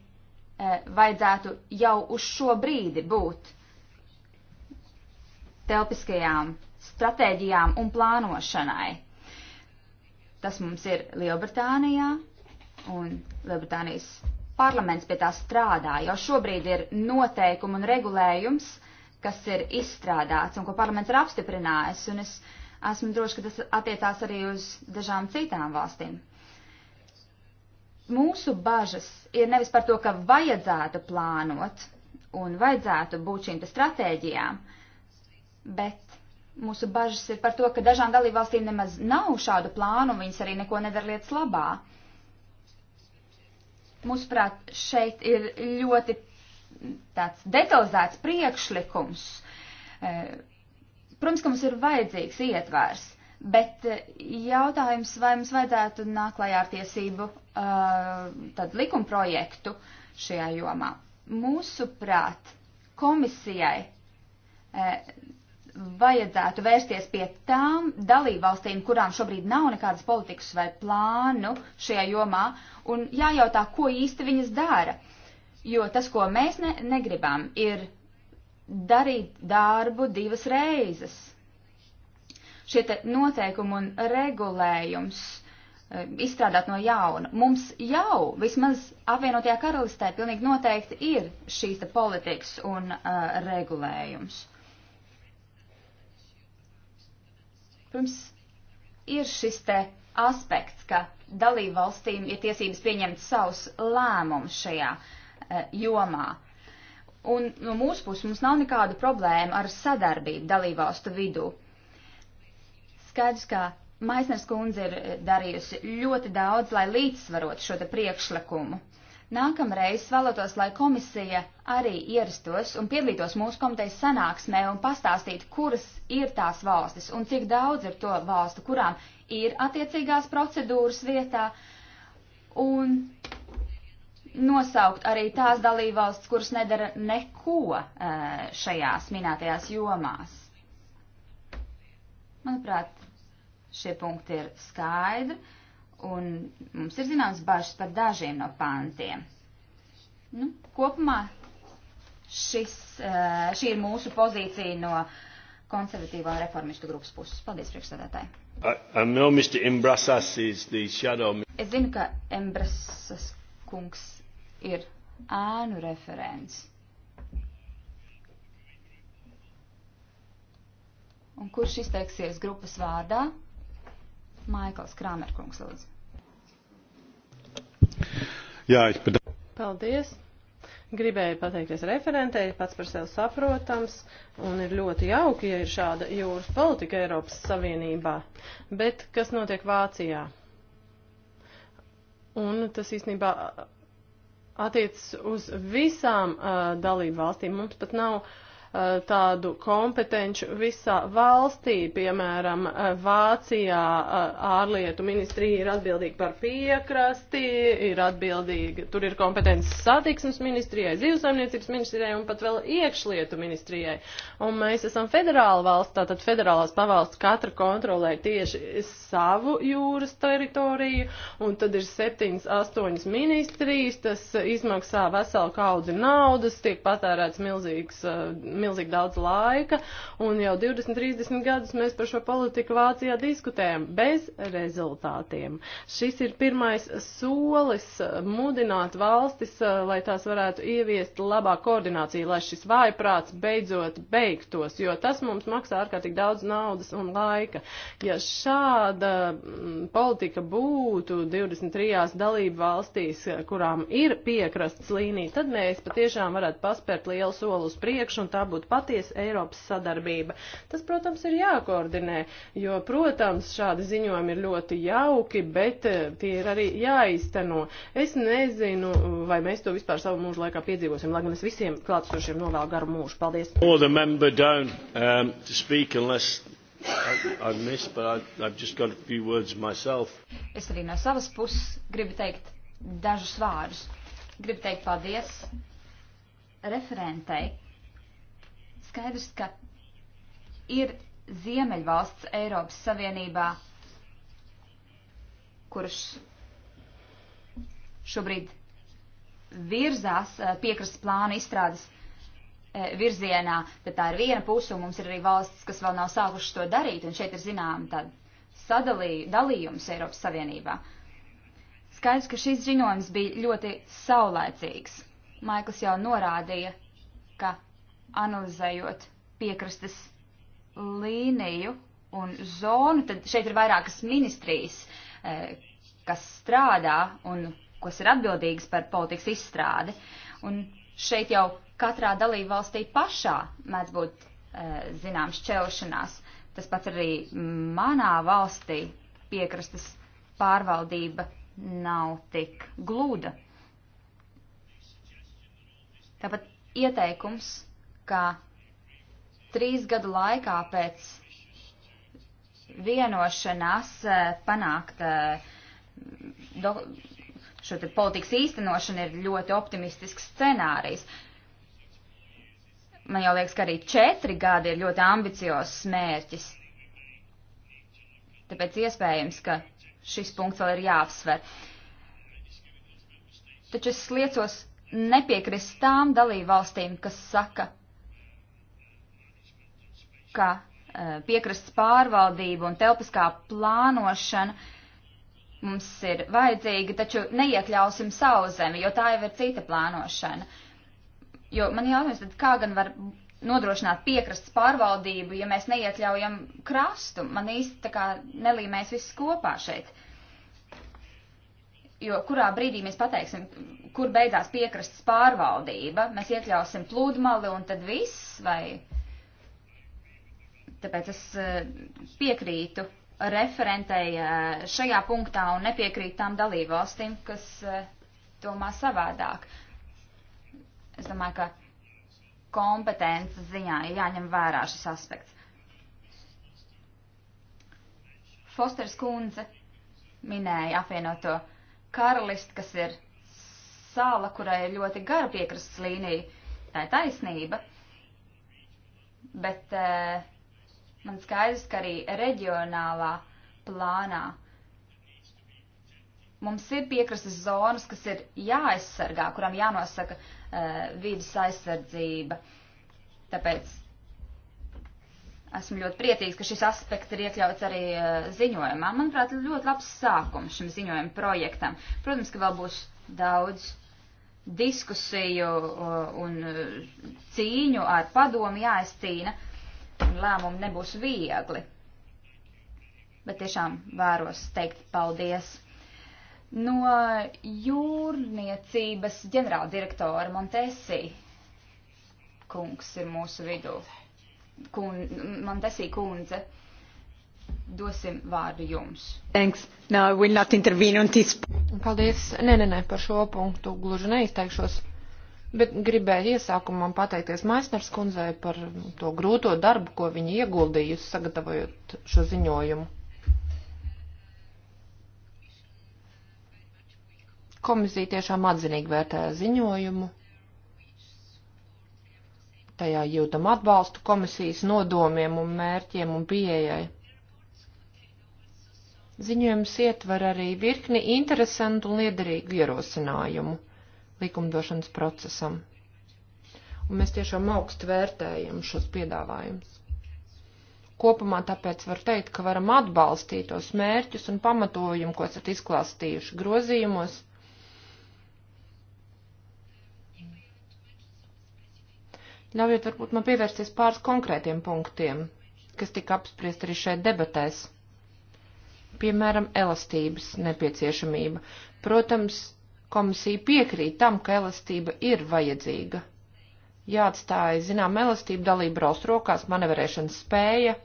D: vajadzētu jau uz šo brīdi būt telpiskajām stratēģijām un plānošanai. Tas mums ir Lielbritānijā un Lielbritānijas parlaments pie tā strādā, jo šobrīd ir noteikumi un regulējums, kas ir izstrādāts un ko parlaments ir apstiprinājis, un es esmu droši, ka tas attiecās arī uz dažām citām valstīm. Mūsu bažas ir nevis par to, ka vajadzētu plānot un vajadzētu būt šīm stratēģijām, bet mūsu bažas ir par to, ka dažām dalībvalstīm nemaz nav šādu plānu, un viņas arī neko nedara lietas labā. Uh, Mūsuprāt, šeit ir ļoti tāds detalizēts priekšlikums. E, protams, ka mums ir vajadzīgs ietvērs, bet e, jautājums, vai mums vajadzētu nāklājā ar tiesību e, tad likumprojektu šajā jomā. Mūsuprāt, komisijai vajadzētu vērsties pie tām dalībvalstīm, kurām šobrīd nav nekādas politikas vai plānu šajā jomā, un jājautā, ko īsti viņas dara. Jo tas, ko mēs ne, negribam, ir darīt darbu divas reizes. Šie noteikumi un regulējums eh, izstrādāt no jauna. Mums jau vismaz apvienotajā karalistē pilnīgi noteikti ir šīs politikas un uh, regulējums. Pirms ir šis te aspekts, ka dalību valstīm ir tiesības pieņemt savus lēmumus šajā e, jomā. Un no mūsu puses mums nav nekādu problēmu ar sadarbību dalību valstu vidū. Skaidrs, ka Maisners kundze ir eh, darījusi ļoti daudz, lai līdzsvarot šo te priekšlikumu. Nākamreiz vēlētos, lai komisija arī ierastos un piedalītos mūsu komitejas sanāksmē un pastāstītu, kuras ir tās valstis un cik daudz ir to valstu, kurām ir attiecīgās procedūras vietā, un nosaukt arī tās dalībvalstis, kuras nedara neko šajās minētajās jomās. Manuprāt, šie punkti ir skaidri. Un mums ir zināms bažas par dažiem no pāntiem. Nu, kopumā šis, eh, šī ir mūsu pozīcija no konservatīvā un reformistu grupas puses. Paldies, priekšsēdētāji. No es zinu, ka Embrasas kungs ir ēnu referents. Un kurš izteiksies grupas vārdā? Maikls Krāmerkungs, lūdzu.
A: Jā, es pēc.
C: Paldies. Gribēju pateikties referentei, pats par sevi saprotams, un ir ļoti jauki, ja ir šāda jūras politika Eiropas Savienībā. Bet kas notiek Vācijā? Un tas īstenībā uh, attiecas uz visām uh, dalību valstīm. Mums pat nav uh, Eh, tādu kompetenču visā valstī, piemēram, eh, Vācijā eh, ārlietu ministrija ir atbildīga par piekrasti, ir atbildīga, tur ir kompetences satiksmes ministrijai, zivsaimniecības ministrijai un pat vēl iekšlietu ministrijai. Un mēs esam federāla valsts, tātad federālās pavalsts katra kontrolē tieši savu jūras teritoriju, un tad ir septiņas, astoņas ministrijas, tas izmaksā veselu kaudzi naudas, tiek patērēts milzīgs, milzīgs milzīgi daudz laika, un jau 20-30 gadus mēs par šo politiku Vācijā diskutējam bez rezultātiem. Šis ir pirmais solis mudināt valstis, eh, lai tās varētu ieviest labā koordinācija, lai šis vājprāts beidzot beigtos, jo tas mums maksā ārkārtīgi daudz naudas un laika. Ja šāda mm, politika būtu 23 dalību valstīs, kurām ir piekrasts līnija, tad mēs patiešām varētu paspērt lielu soli uz priekšu un tā jābūt patiesa Eiropas sadarbība. Tas, protams, ir jākoordinē, jo, protams, šādi ziņojumi ir ļoti jauki, bet eh, tie ir arī jāizteno. Es nezinu, vai mēs to vispār savu mūžu laikā piedzīvosim, lai gan es visiem klātsošiem novēlu garu mūžu. Paldies!
A: Um, I've missed, but I, I've just got a few words myself.
D: Es arī no savas puses gribu teikt dažus vārdus. Gribu teikt paldies referentei skaidrs, ka ir ziemeļvalsts Eiropas Savienībā, kurš šobrīd virzās eh, piekrastes plāna izstrādes eh, virzienā, tad tā ir viena puse, un mums ir arī valsts, kas vēl nav sākušas to darīt, un šeit ir zinām tad sadalījums Eiropas Savienībā. Skaidrs, ka šis ziņojums bija ļoti saulēcīgs. Maikls jau norādīja, analizējot piekrastes līniju un zonu, tad šeit ir vairākas ministrijas, e, kas strādā un kas ir atbildīgas par politikas izstrādi. Un šeit jau katrā dalība valstī pašā mēdz būt e, zināms šķelšanās. Tas pats arī manā valstī piekrastes pārvaldība nav tik glūda. Tāpat ieteikums ka trīs gadu laikā pēc vienošanās eh, panākt eh, do, šo te politikas īstenošanu ir ļoti optimistisks scenārijs. Man jau liekas, ka arī četri gadi ir ļoti ambiciozs mērķis. Tāpēc iespējams, ka šis punkts vēl ir jāapsver. Taču es liecos nepiekrist tām dalībvalstīm, kas saka, ka e, piekrasts pārvaldība un telpiskā plānošana mums ir vajadzīga, taču neiekļausim savu zemi, jo tā jau ir cita plānošana. Jo man jautājums, tad kā gan var nodrošināt piekrasts pārvaldību, ja mēs neiekļaujam krastu? Man īsti tā kā nelīmēs viss kopā šeit. Jo kurā brīdī mēs pateiksim, kur beidzās piekrasts pārvaldība, mēs iekļausim plūdmali un tad viss, vai Tāpēc es eh, piekrītu referentei eh, šajā punktā un nepiekrītu tām dalībvalstīm, kas eh, domā savādāk. Es domāju, ka kompetences ziņā ir jāņem vērā šis aspekts. Fosters kundze minēja apvienoto karalisti, kas ir sāla, kurai ir ļoti gara piekrastes līnija. Tā ir taisnība, bet uh, Man skaidrs, ka arī reģionālā plānā mums ir piekrastes zonas, kas ir jāaizsargā, kuram jānosaka uh, eh, vidas aizsardzība. Tāpēc esmu ļoti priecīgs, ka šis aspekts ir iekļauts arī uh, ziņojumā. Manuprāt, ļoti labs sākums šim ziņojuma projektam. Protams, ka vēl būs daudz diskusiju uh, un cīņu ar padomu jāizcīna. Uh, un lēmumi nebūs viegli. Bet tiešām vēros teikt paldies. No jūrniecības ģenerāldirektora Montesi kungs ir mūsu vidū. Kun, Montesi kundze. Dosim vārdu jums.
B: Thanks. No, we'll not intervene on this. Paldies. Nē, nē, nē, par šo punktu gluži neizteikšos. Bet gribēju iesākumam pateikties Maisners kundzei par to grūto darbu, ko viņa ieguldījusi sagatavojot šo ziņojumu. Komisija tiešām atzinīgi vērtēja ziņojumu. Tajā jūtam atbalstu komisijas nodomiem un mērķiem un pieejai. Ziņojums ietver arī virkni interesantu un liederīgu ierosinājumu likumdošanas procesam. Un mēs tiešām augstu vērtējam šos piedāvājumus. Kopumā tāpēc var teikt, ka varam atbalstīt tos mērķus un pamatojumu, ko esat izklāstījuši grozījumos. Ļaujiet varbūt man pievērsties pāris konkrētiem punktiem, kas tika apspriest arī šeit debatēs. Piemēram, elastības nepieciešamība. Protams, Komisija piekrīt tam, ka elastība ir vajadzīga. Jāatstāja, zinām, elastība dalība valsts rokās, manevrēšanas spēja.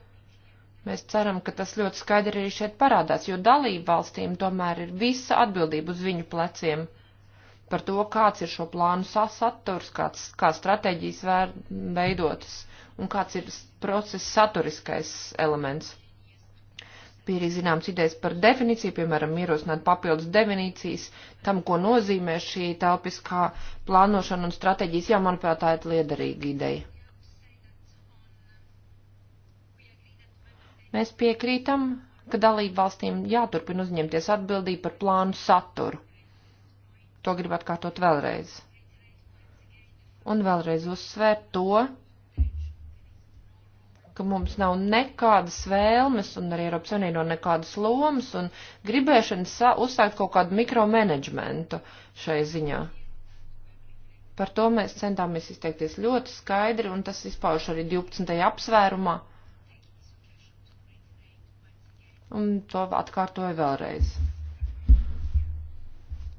B: Mēs ceram, ka tas ļoti skaidri arī šeit parādās, jo dalību valstīm tomēr ir visa atbildība uz viņu pleciem par to, kāds ir šo plānu saturs, kāds, kā stratēģijas vēr, veidotas un kāds ir procesa saturiskais elements. Bija arī zināms idejas par definīciju, piemēram, ierosināt papildus definīcijas tam, ko nozīmē šī telpiskā plānošana un stratēģijas. Jā, manuprāt, tā ir liederīga ideja. Mēs piekrītam, ka dalību valstīm jāturpina uzņemties atbildību par plānu saturu. To gribu atkārtot vēlreiz. Un vēlreiz uzsvērt to, ka mums nav nekādas vēlmes un arī Eiropas Savienībā nekādas lomas un gribēšanas uzsākt kaut kādu mikromanagementu šai ziņā. Par to mēs centāmies izteikties ļoti skaidri, un tas izpauž arī 12. apsvērumā. Un to atkārtoju vēlreiz,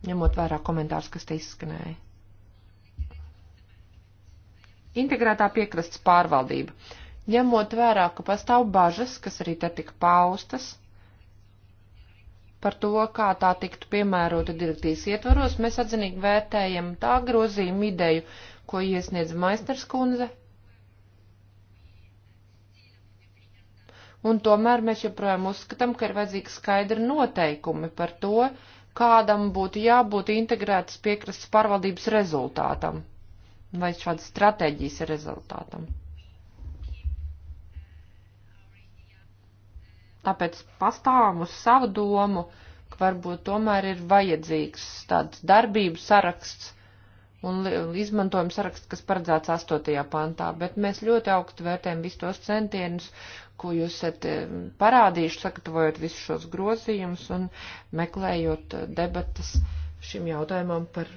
B: ņemot vērā komentārs, kas te izskanēja. Integrētā piekrastes pārvaldība ņemot vērā, ka pastāv bažas, kas arī te tika paustas par to, kā tā tiktu piemērota direktīvas ietvaros, mēs atzinīgi vērtējam tā grozījuma ideju, ko iesniedz Maisters kundze. Un tomēr mēs joprojām uzskatām, ka ir vajadzīgi skaidri noteikumi par to, kādam būtu jābūt integrētas piekrastas pārvaldības rezultātam vai šādas stratēģijas rezultātam. tāpēc pastāvam uz savu domu, ka varbūt tomēr ir vajadzīgs tāds darbību saraksts un izmantojuma saraksts, kas paredzēts 8. pantā, bet mēs ļoti augstu vērtējam visus tos centienus, ko jūs esat eh, parādījuši, sagatavojot visus šos grozījumus un meklējot eh, debatas šim jautājumam par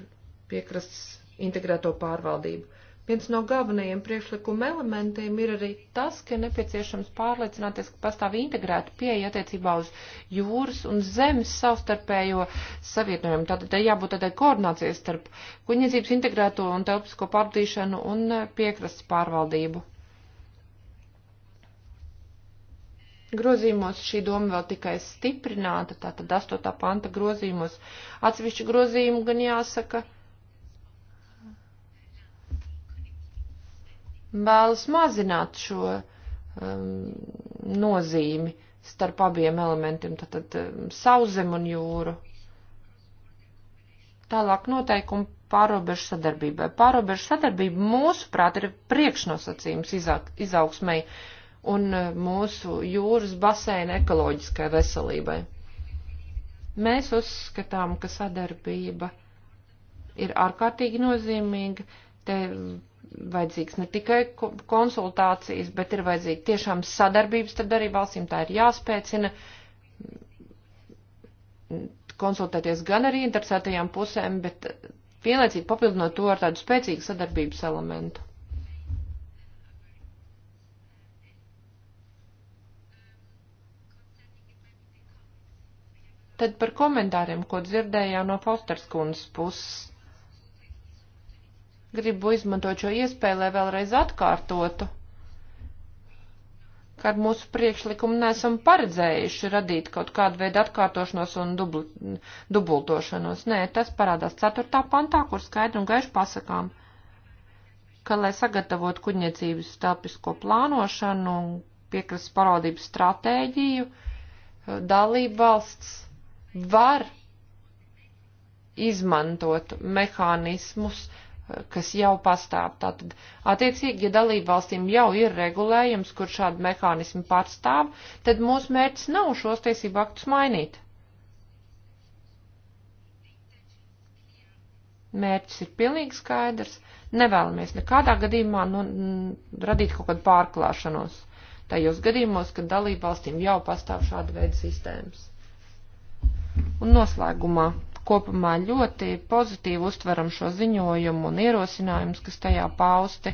B: piekrastes integrēto pārvaldību. Viens no galvenajiem priekšlikuma elementiem ir arī tas, ka nepieciešams pārliecināties, ka pastāv integrēta pieeja attiecībā uz jūras un zemes savstarpējo savietojumu. Tātad te jābūt tādai koordinācijai starp kuģniecības integrēto un telpisko pārvaldīšanu un eh, piekrastes pārvaldību. grozījumos šī doma vēl tikai stiprināta, tātad 8. panta grozījumos. Atsevišķi grozījumi gan jāsaka, vēlas mazināt šo um, nozīmi starp abiem elementiem, tātad um, sauzem un jūru. Tālāk noteikumi pārobežu sadarbībai. Pārobežu sadarbība mūsuprāt ir priekšnosacījums izaugsmai un uh, mūsu jūras basēna ekoloģiskai veselībai. Mēs uzskatām, ka sadarbība ir ārkārtīgi nozīmīga. Te vajadzīgs ne tikai konsultācijas, bet ir vajadzīga tiešām sadarbības starp arī valstīm, tā ir jāspēcina konsultēties gan ar interesētajām pusēm, bet vienlaicīgi papildinot to ar tādu spēcīgu sadarbības elementu. Tad par komentāriem, ko dzirdējām no Fosters kundzes puses. Gribu izmantot šo iespēju, lai vēlreiz atkārtotu, ka ar mūsu priekšlikumu nesam paredzējuši radīt kaut kādu veidu atkārtošanos un dubl dubultošanos. Nē, tas parādās 4. pantā, kur skaidri un gaiši pasakām, ka, lai sagatavot kuģniecības telpisko plānošanu un piekrasts parādības stratēģiju, dalība valsts var izmantot mehānismus, kas jau pastāv. Tātad, attiecīgi, ja dalību valstīm jau ir regulējums, kur šādu mehānismu pastāv, tad mūsu mērķis nav šos tiesību aktus mainīt. Mērķis ir pilnīgi skaidrs. Nevēlamies nekādā gadījumā nu, radīt kaut kādu pārklāšanos tajos gadījumos, kad dalību valstīm jau pastāv šāda veida sistēmas. Un noslēgumā kopumā ļoti pozitīvi uztveram šo ziņojumu un ierosinājumus, kas tajā pausti.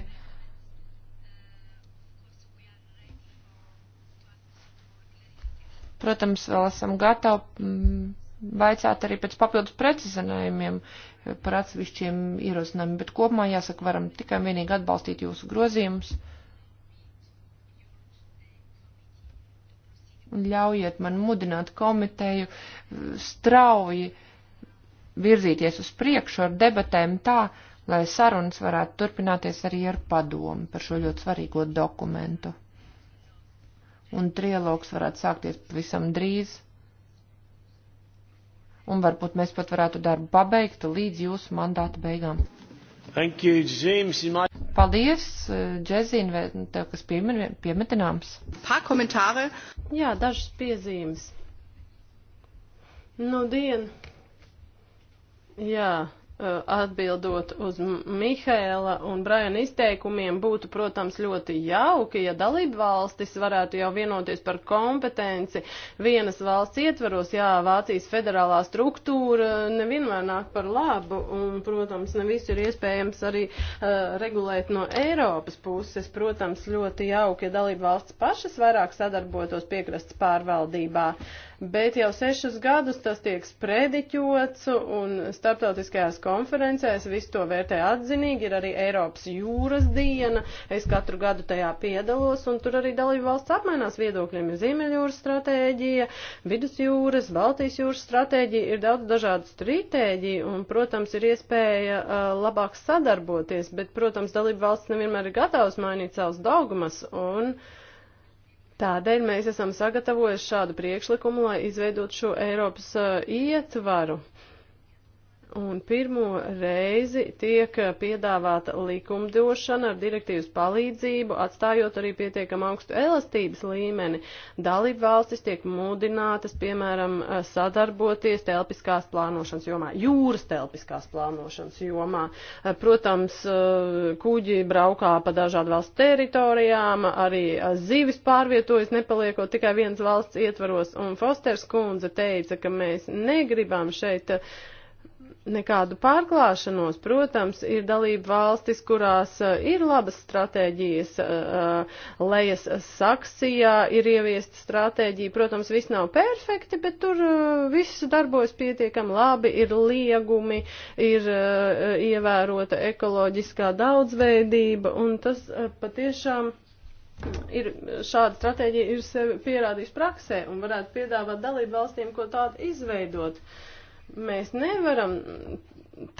B: Protams, vēl esam gatavi mm, vaicāt arī pēc papildus precizinājumiem par atsevišķiem ierosinājumiem, bet kopumā jāsaka, varam tikai un vienīgi atbalstīt jūsu grozījumus. Un ļaujiet man mudināt komiteju strauji uh, virzīties uz priekšu ar debatēm tā, lai sarunas varētu turpināties arī ar padomu par šo ļoti svarīgo dokumentu. Un trialogs varētu sākties pavisam drīz. Un varbūt mēs pat varētu darbu pabeigt līdz jūsu mandāta beigām.
A: Thank you, James.
B: Paldies, Džezina, tev kas piemin, piemetināms.
C: Pār komentāri. Jā, dažas piezīmes. Nu, dienu. Jā, e, atbildot uz Mihaela un Brajana izteikumiem, būtu, protams, ļoti jauki, ja dalību valstis varētu jau vienoties par kompetenci vienas valsts ietveros. Jā, Vācijas federālā struktūra nevienmēr nāk par labu, un, protams, ne visu ir iespējams arī uh, regulēt no Eiropas puses. Protams, ļoti jauki, ja dalību valstis pašas vairāk sadarbotos piekrasts pārvaldībā. Uh, bet jau sešus gadus tas tiek sprediķots un starptautiskajās konferencēs visu to vērtē atzinīgi. Ir arī Eiropas jūras diena, es katru gadu tajā piedalos un tur arī dalību valsts apmainās viedokļiem. Ir Ziemeļjūras stratēģija, Vidusjūras, Baltijas jūras stratēģija, ir daudz dažādu stratēģiju un, protams, ir iespēja uh, labāk sadarboties, bet, protams, dalību valsts nevienmēr ir gatavs mainīt savus dogmas un uh, Tādēļ mēs esam sagatavojuši šādu priekšlikumu, lai izveidotu šo Eiropas uh, ietvaru. Uh, Un pirmo reizi tiek piedāvāta likumdošana ar direktīvas palīdzību, atstājot arī pietiekam augstu elastības līmeni. Dalību valstis tiek mudinātas, piemēram, sadarboties telpiskās plānošanas jomā, jūras telpiskās plānošanas jomā. Protams, kuģi braukā pa dažādu valstu teritorijām, arī zivis pārvietojas, nepaliekot tikai viens valsts ietvaros. Un Fosters kundze teica, ka mēs negribam šeit nekādu pārklāšanos. Protams, ir dalība valstis, kurās eh, ir labas stratēģijas, eh, eh, lejas saksijā ir ieviesta stratēģija. Protams, viss nav perfekti, bet tur viss darbojas pietiekami labi, ir liegumi, ir ievērota ekoloģiskā daudzveidība, un tas patiešām ir šāda stratēģija ir sevi pierādījis praksē un varētu piedāvāt dalību valstīm, ko tādu izveidot. Uh, Mēs nevaram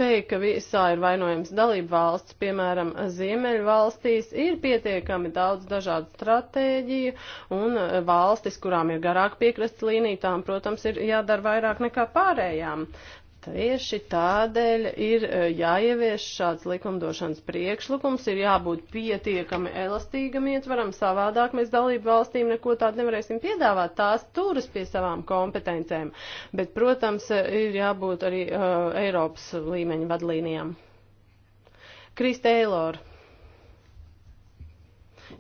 C: teikt, ka visā ir vainojams dalību valsts, piemēram, Ziemeļu valstīs ir pietiekami daudz dažādu stratēģiju, un valstis, kurām ir garāk piekrasts līnija, tām, protams, ir jādara vairāk nekā pārējām. Tieši tādēļ ir e, jāievieš šāds likumdošanas priekšlikums, ir jābūt pietiekami elastīgam ietvaram, savādāk mēs dalību valstīm neko tādu nevarēsim piedāvāt, tās turas pie savām kompetencēm, bet, protams, e, ir jābūt arī uh, Eiropas līmeņa vadlīnijām. Kristēlora.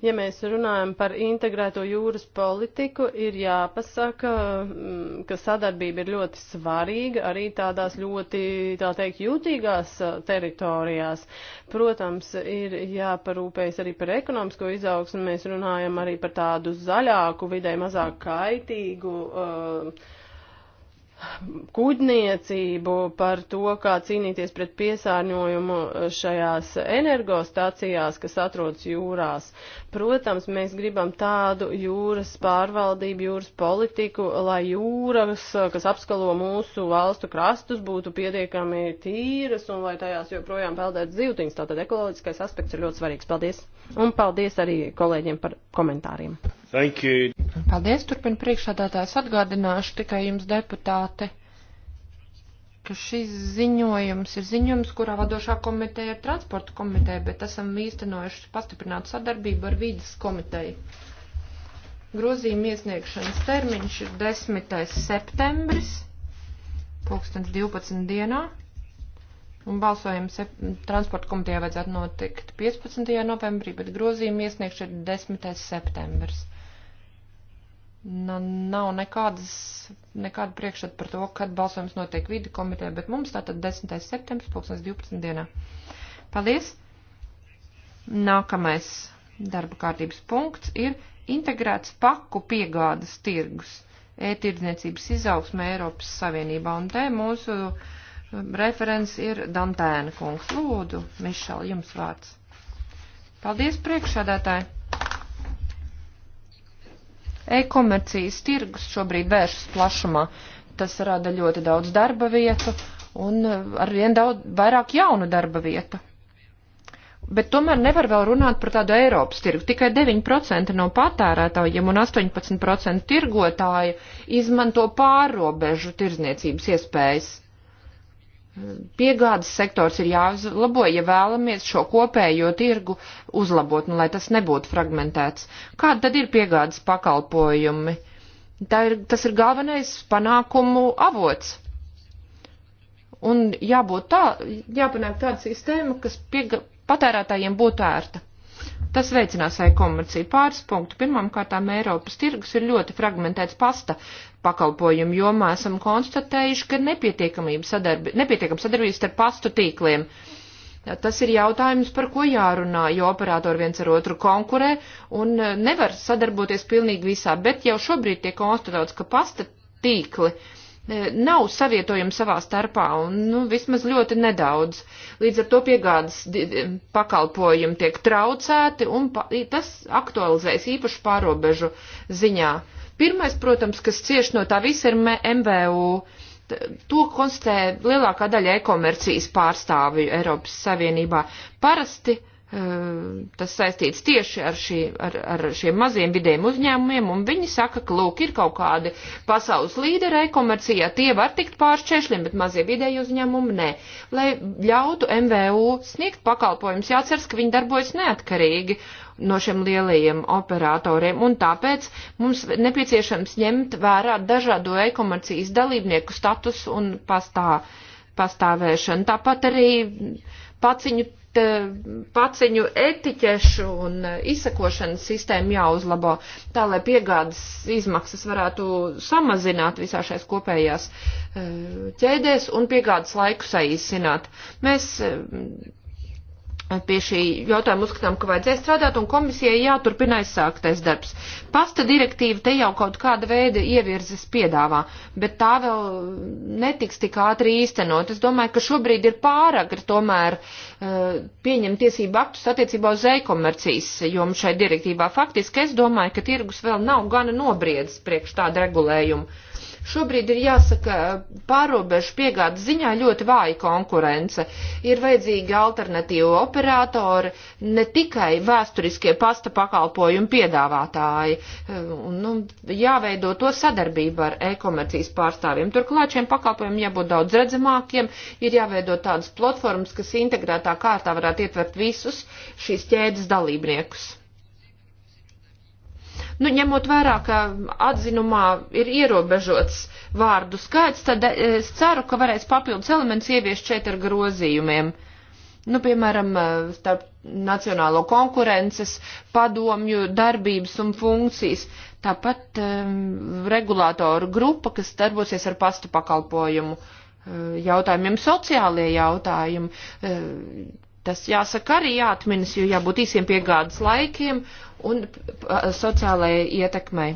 C: Ja mēs runājam par integrēto jūras politiku, ir jāpasaka, mm, ka sadarbība ir ļoti svarīga arī tādās ļoti, tā teikt, jūtīgās teritorijās. Protams, ir jāparūpējas arī par ekonomisko izaugsmu. Mēs runājam arī par tādu zaļāku, vidē mazāk kaitīgu. Uh, kuģniecību, par to, kā cīnīties pret piesārņojumu šajās energostacijās, kas atrodas jūrās. Protams, mēs gribam tādu jūras pārvaldību, jūras politiku, lai jūras, kas apskalo mūsu valstu krastus, būtu pietiekami tīras un lai tajās joprojām peldētu zīvtiņas. Tātad ekoloģiskais aspekts ir ļoti svarīgs. Paldies!
B: Un paldies arī kolēģiem par komentāriem.
A: Thank you.
B: Paldies, turpina priekšādātājs. Atgādināšu tikai jums, deputāti, ka šis ziņojums ir ziņojums, kurā vadošā komiteja ir transporta komiteja, bet esam īstenojuši pastiprinātu sadarbību ar vīdas komiteju. Grozījuma iesniegšanas termiņš ir 10. septembris, 2012. dienā. Un balsojumu transporta komitejā vajadzētu notikt 15. novembrī, bet grozījuma iesniegšana ir 10. septembris. Na, nav nekādas, nekāda priekšstata par to, kad balsojums notiek vidi komitē, bet mums tātad 10. septembris, 2012. dienā. Paldies! Nākamais darba kārtības punkts ir integrēts paku piegādas tirgus e-tirdzniecības izaugsme Eiropas Savienībā, un te mūsu um, referents ir Dantēna kungs. Lūdzu, Mišel, jums vārds. Paldies priekšādātāji! E-komercijas tirgus šobrīd vēršas plašumā. Tas rada ļoti daudz darba vietu un e, arvien daudz vairāk jaunu darba vietu. Bet tomēr nevar vēl runāt par tādu Eiropas tirgu. Tikai 9% no patērētājiem un 18% tirgotāji izmanto pārobežu tirzniecības iespējas piegādes sektors ir jāuzlabo, ja vēlamies šo kopējo tirgu uzlabot, un nu, lai tas nebūtu fragmentēts. Kāda tad ir piegādes pakalpojumi? Tā ir, tas ir galvenais panākumu avots. Un jābūt tā, jāpanāk tāda sistēma, kas piega, patērētājiem būtu ērta. Tas veicinās e-komerciju pāris punktu. Pirmkārtām, Eiropas tirgus ir ļoti fragmentēts pasta pakalpojumu jomā. Esam konstatējuši, ka nepietiekama sadarbi, sadarbības starp pastu tīkliem. Tas ir jautājums, par ko jārunā, jo operatori viens ar otru konkurē un eh, nevar sadarboties pilnīgi visā, bet jau šobrīd tiek konstatēts, ka pasta tīkli uh, E, nav savietojami savā starpā, un nu, vismaz ļoti nedaudz. Līdz ar to piegādas pakalpojumi tiek traucēti, un pa, tas aktualizēs īpaši pārobežu ziņā. Pirmais, protams, kas cieš no tā visa ir MVU. To konstatē lielākā daļa e-komercijas pārstāvju Eiropas Savienībā. Parasti uh, Ehm, tas saistīts tieši ar, šī, ar, ar šiem maziem vidējiem uzņēmumiem, un viņi saka, ka, lūk, ir kaut kādi pasaules līderi e-komercijā, tie var tikt pāršķēršļiem, bet mazie vidēji uzņēmumi nē. Lai ļautu MVU sniegt pakalpojumus, jāceras, ka viņi darbojas neatkarīgi no šiem lielajiem operatoriem, un tāpēc mums nepieciešams ņemt vērā dažādo e-komercijas dalībnieku status un pastāv pastāvēšanu. Tāpat arī paciņu, te, paciņu etiķešu un e, izsekošanas sistēmu jāuzlabo, tā lai piegādes izmaksas varētu samazināt visā šais kopējās e, ķēdēs un piegādes laiku saīsināt. Mēs e, Pie šī jautājuma uzskatām, ka vajadzēs strādāt un komisijai jāturpina aizsāktais darbs. Pasta direktīva te jau kaut kāda veida ievirzes piedāvā, bet tā vēl netiks tik ātri īstenot. Es domāju, ka šobrīd ir pāragri tomēr uh, pieņemt tiesību aktus attiecībā uz e-komercijas jomu šai direktīvā. Faktiski es domāju, ka tirgus vēl nav gana nobriedis priekš tāda regulējuma Šobrīd ir jāsaka eh, pārobežu piegādes ziņā ļoti vāja konkurence. Ir vajadzīgi alternatīvu operatori, ne tikai vēsturiskie pasta pakalpojumu piedāvātāji. Eh, nu, jāveido to sadarbību ar e-komercijas pārstāvjiem. Turklāt šiem pakalpojumiem jābūt daudz redzamākiem, ir jāveido tādas platformas, kas integrētā kārtā varētu ietvert visus šīs ķēdes dalībniekus. Nu, ņemot vērā, ka atzinumā ir ierobežots vārdu skaits, tad eh, es ceru, ka varēs papildus elements ieviest šeit ar grozījumiem. Nu, piemēram, eh, starp nacionālo konkurences, padomju, darbības un funkcijas. Tāpat um, regulātoru grupa, kas darbosies ar pastu pakalpojumu eh, jautājumiem, sociālie jautājumi, Tas jāsaka arī jāatminas, jo jābūt īsiem piegādes laikiem un sociālajai ietekmei.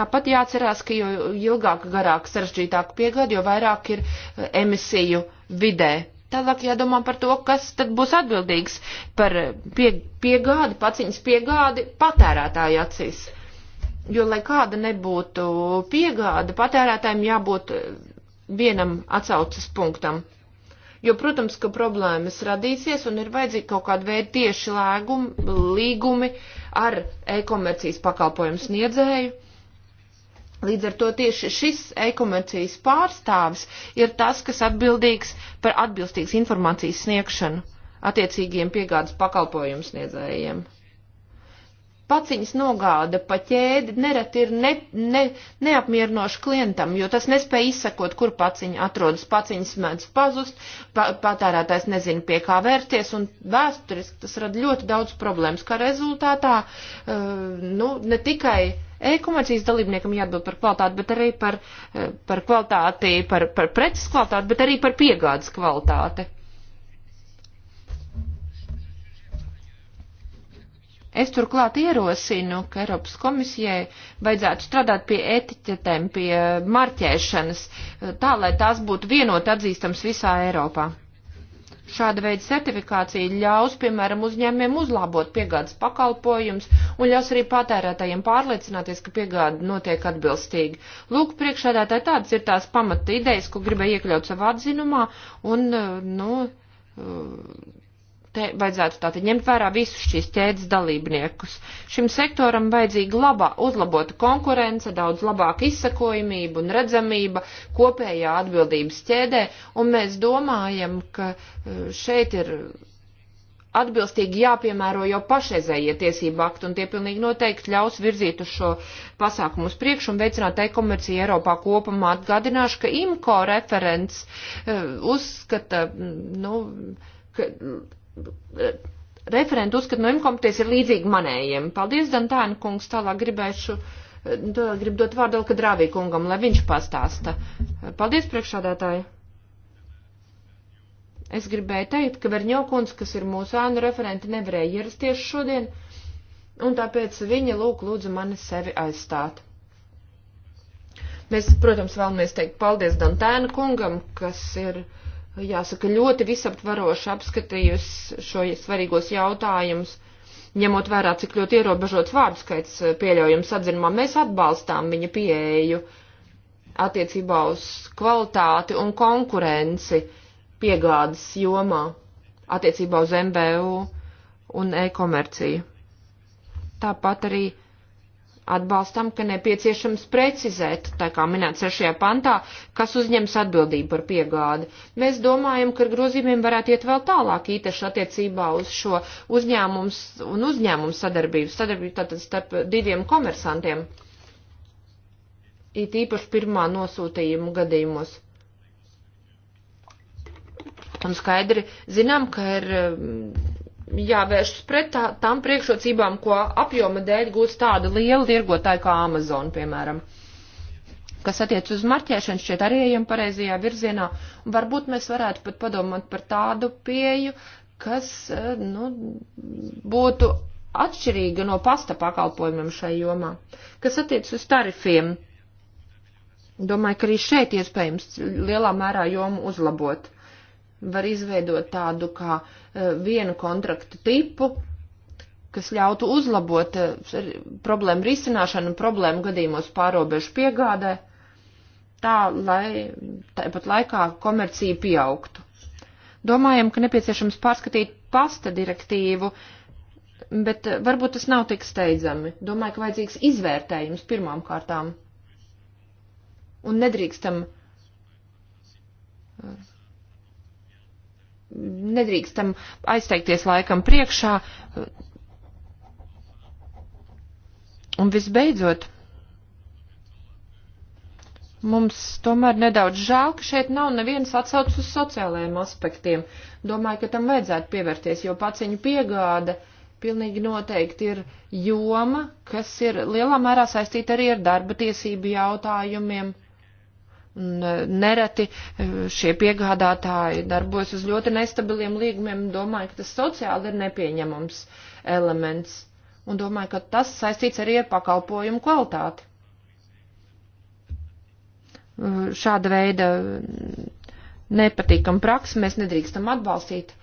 B: Tāpat jāatcerās, ka jo ilgāk, garāk, sarežģītāk piegāda, jo vairāk ir e, emisiju vidē. Tālāk jādomā par to, kas tad būs atbildīgs par e, pie, piegādi, paciņas piegādi patērētāju acīs. Jo, lai kāda nebūtu piegāda, patērētājiem jābūt e, vienam atsaucas punktam. Jo, protams, ka problēmas radīsies un ir vajadzīgi kaut kāda veida tieši lēgumi, līgumi ar e-komercijas pakalpojumu sniedzēju. Līdz ar to tieši šis e-komercijas pārstāvis ir tas, kas atbildīgs par atbilstīgas informācijas sniegšanu attiecīgiem piegādes pakalpojumu sniedzējiem paciņas nogāda pa ķēdi nereti ir ne, ne, neapmierinoši klientam, jo tas nespēja izsekot, kur paciņa atrodas. Paciņas mēdz pazust, pa, patērētājs nezina, pie kā vērties, un vēsturiski tas rada ļoti daudz problēmas, kā rezultātā, uh, nu, ne tikai e-komercijas dalībniekam jāatbild par kvalitāti, bet arī par, eh, par kvalitāti, par, par preces kvalitāti, bet arī par piegādes kvalitāti. Es turklāt ierosinu, ka Eiropas komisijai vajadzētu strādāt pie etiķetēm, pie marķēšanas, tā lai tās būtu vienot atzīstams visā Eiropā. Šāda veida certifikācija ļaus, piemēram, uzņēmiem uzlabot piegādes pakalpojums un ļaus arī patērētājiem pārliecināties, ka piegāde notiek atbilstīgi. Lūk, priekšādātāji tādas ir tās pamata idejas, ko gribēju iekļaut savā atzinumā un, nu, te vajadzētu tātad ņemt vērā visus šīs ķēdes dalībniekus. Šim sektoram vajadzīga labā, uzlabota konkurence, daudz labāka izsakojamība un redzamība kopējā atbildības ķēdē, un mēs domājam, ka e, šeit ir atbilstīgi jāpiemēro jau pašreizējie tiesību akti, un tie pilnīgi noteikti ļaus virzīt uz šo pasākumu uz priekšu un veicināt e-komerciju Eiropā kopumā. Atgādināšu, ka IMCO referents e, uzskata, nu, ka referentu uzskat no imkomitejas ir līdzīgi manējiem. Paldies, Dantēna kungs, tālāk gribēšu, tālāk gribu dot vārdu Elka Drāvī kungam, lai viņš pastāsta. Paldies, priekšādātāji. Es gribēju teikt, ka Verņo kungs, kas ir mūsu ēnu referenti, nevarēja ierasties šodien, un tāpēc viņa lūk lūdzu mani sevi aizstāt. Mēs, protams, vēlamies teikt paldies Dantēna kungam, kas ir jāsaka, ļoti visaptvaroši apskatījusi šo svarīgos jautājumus, ņemot vērā, cik ļoti ierobežots vārdu skaits eh, pieļaujams atzinumā. Mēs atbalstām viņa pieeju attiecībā uz kvalitāti un konkurenci piegādes jomā, attiecībā uz MBU un e-komerciju. Tāpat arī atbalstam, ka nepieciešams precizēt, tā kā minēts trešajā pantā, kas uzņems atbildību par piegādi. Mēs domājam, ka grozījumiem varētu iet vēl tālāk īteši attiecībā uz šo uzņēmums un uzņēmums sadarbību, sadarbību tātad starp diviem komersantiem, it īpaši pirmā nosūtījuma gadījumos. Un skaidri zinām, ka ir jāvēršas pret tā, tām priekšrocībām, ko apjoma dēļ gūst tāda liela tirgotāja kā Amazon, piemēram. Kas attiec uz marķēšanu, šķiet arī ejam pareizajā virzienā. Varbūt mēs varētu pat padomāt par tādu pieju, kas, eh, nu, būtu atšķirīga no pasta pakalpojumiem šai jomā. Kas attiec uz tarifiem, domāju, ka arī šeit iespējams lielā mērā jomu uzlabot. Var izveidot tādu kā uh, Eh, vienu kontraktu tipu, kas ļautu uzlabot eh, problēmu risināšanu un problēmu gadījumos pārobežu piegādē, tā, lai tāpat laikā komercija pieaugtu. Domājam, ka nepieciešams pārskatīt pasta direktīvu, bet eh, varbūt tas nav tik steidzami. Domāju, ka vajadzīgs izvērtējums pirmām kārtām. Un nedrīkstam nedrīkstam aizteikties laikam priekšā. Un visbeidzot, mums tomēr nedaudz žēl, ka šeit nav nevienas atsaucas uz sociālajiem aspektiem. Domāju, ka tam vajadzētu pievērties, jo paciņu piegāde pilnīgi noteikti ir joma, kas ir lielā mērā saistīta arī ar darba tiesību jautājumiem Un e, nereti e, šie piegādātāji darbojas uz ļoti nestabiliem līgumiem, domāju, ka tas sociāli ir nepieņemams elements. Un domāju, ka tas saistīts arī ar pakalpojumu kvalitāti. E, šāda veida nepatīkam praksi mēs nedrīkstam atbalstīt.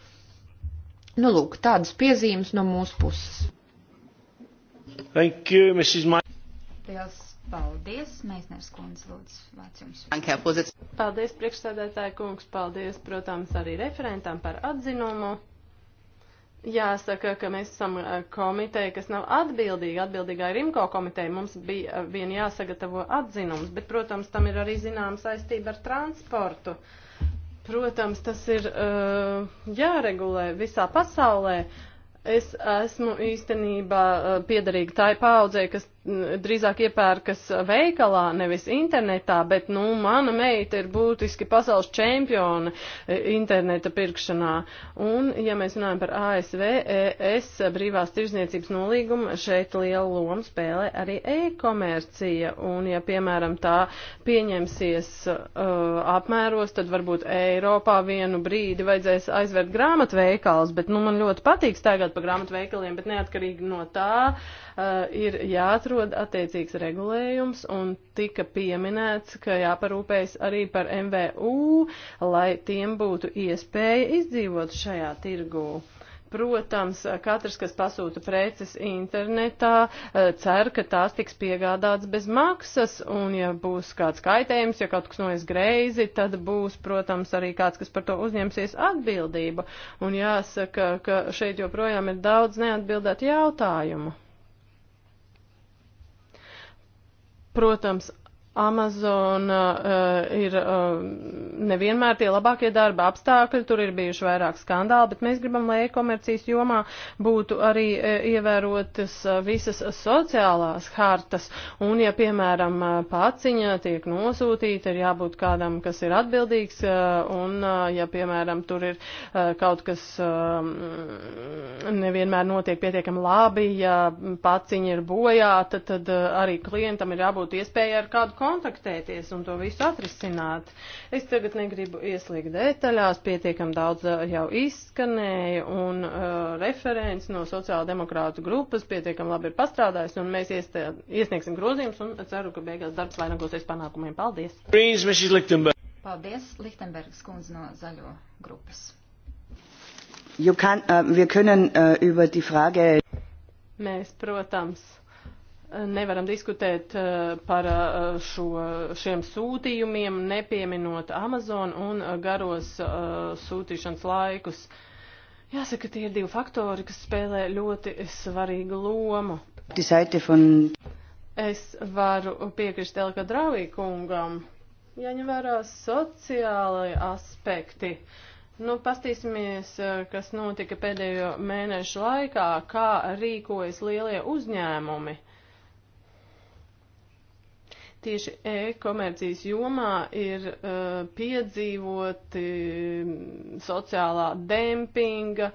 B: Nu, lūk, tādas piezīmes no mūsu puses.
A: Thank you, Mrs. Ma
D: Paldies, Meisners kundze,
C: lūdzu, vārds jums. Paldies, priekšsēdētāja kungs, paldies, protams, arī referentam par atzinumu. Jāsaka, ka mēs esam eh, komiteja, kas nav atbildīga. Atbildīgā ir IMCO komiteja. Mums bija eh, vien jāsagatavo atzinums, bet, protams, tam ir arī zināma saistība ar transportu. Protams, tas ir uh, jāregulē visā pasaulē. Es esmu īstenībā piedarīga tai paudzē, kas drīzāk iepērkas veikalā, nevis internetā, bet, nu, mana meita ir būtiski pasaules čempiona e, interneta pirkšanā. Un, ja mēs runājam par ASV, ES brīvās tirzniecības nolīgumu, šeit lielu lomu spēlē arī e-komercija. Un, ja, piemēram, tā pieņemsies uh, apmēros, tad varbūt Eiropā vienu brīdi vajadzēs aizvērt grāmatveikals, bet, nu, man ļoti patīk staigāt pa grāmatveikaliem, bet neatkarīgi no tā uh, ir jāatrod jāatrod attiecīgs regulējums un tika pieminēts, ka jāparūpējas arī par MVU, lai tiem būtu iespēja izdzīvot šajā tirgū. Protams, katrs, kas pasūta preces internetā, eh, cer, ka tās tiks piegādāts bez maksas, un ja būs kāds kaitējums, ja kaut kas noies greizi, tad būs, protams, arī kāds, kas par to uzņemsies atbildību. Un jāsaka, ka šeit joprojām ir daudz neatbildētu jautājumu. Protams, Amazon uh, uh, ir uh, nevienmēr tie labākie darba apstākļi, tur ir bijuši vairāk skandāli, bet mēs gribam, lai e-komercijas jomā būtu arī uh, ievērotas uh, visas sociālās hartas, un ja, piemēram, uh, paciņa tiek nosūtīta, ir jābūt kādam, kas ir atbildīgs, uh, un, uh, ja, piemēram, tur ir uh, kaut kas uh, nevienmēr notiek pietiekami labi, ja paciņa ir bojāta, tad uh, arī klientam ir jābūt iespēja ar kādu kontaktēties un to visu atrisināt. Es tagad negribu ieslīgt detaļās, pietiekam daudz eh, jau izskanēja un uh, referents no sociāldemokrātu grupas pietiekam labi ir pastrādājis un mēs iestē, iesniegsim grozījums un ceru, ka beigās darbs vainagosies panākumiem.
D: Paldies!
A: Please,
D: Paldies, Lichtenbergs kundze no Zaļo grupas. Can, uh, können, uh, Mēs,
C: protams, nevaram diskutēt eh, par eh, šo, šiem sūtījumiem, nepieminot Amazon un garos eh, sūtīšanas laikus. Jāsaka, tie ir divi faktori, kas spēlē ļoti svarīgu lomu. Es varu piekrist Elka Dravī kungam, jaņem vērā sociālai aspekti. Nu, pastīsimies, kas notika pēdējo mēnešu laikā, kā rīkojas lielie uzņēmumi. Uh, tieši e-komercijas jomā ir uh, piedzīvoti sociālā dempinga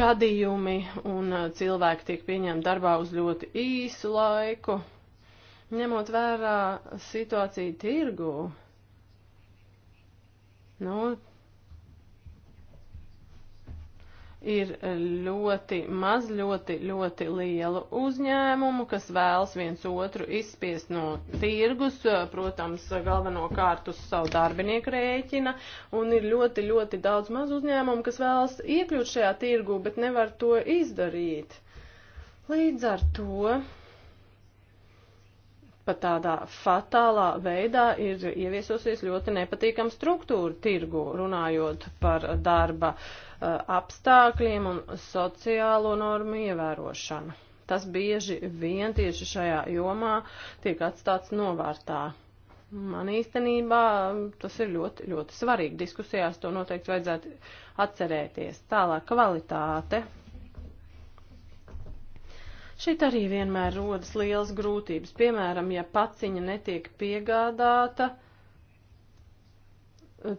C: gadījumi un uh, cilvēki tiek pieņemti darbā uz ļoti īsu laiku. Ņemot vērā situāciju tirgu, nu, ir ļoti maz, ļoti, ļoti lielu uzņēmumu, kas vēlas viens otru izspiest no tirgus, protams, galvenokārt uz savu darbinieku rēķina, un ir ļoti, ļoti daudz maz uzņēmumu, kas vēlas iekļūt šajā tirgu, bet nevar to izdarīt. Līdz ar to pat tādā fatālā veidā ir ieviesosies ļoti nepatīkama struktūra tirgu, runājot par darba uh, Uh, apstākļiem un sociālo normu ievērošanu. Tas bieži vien tieši šajā jomā tiek atstāts novārtā. Man īstenībā um, tas ir ļoti, ļoti svarīgi. Diskusijās to noteikti vajadzētu atcerēties. Tālāk kvalitāte. Šeit arī vienmēr rodas lielas grūtības. Piemēram, ja paciņa netiek piegādāta,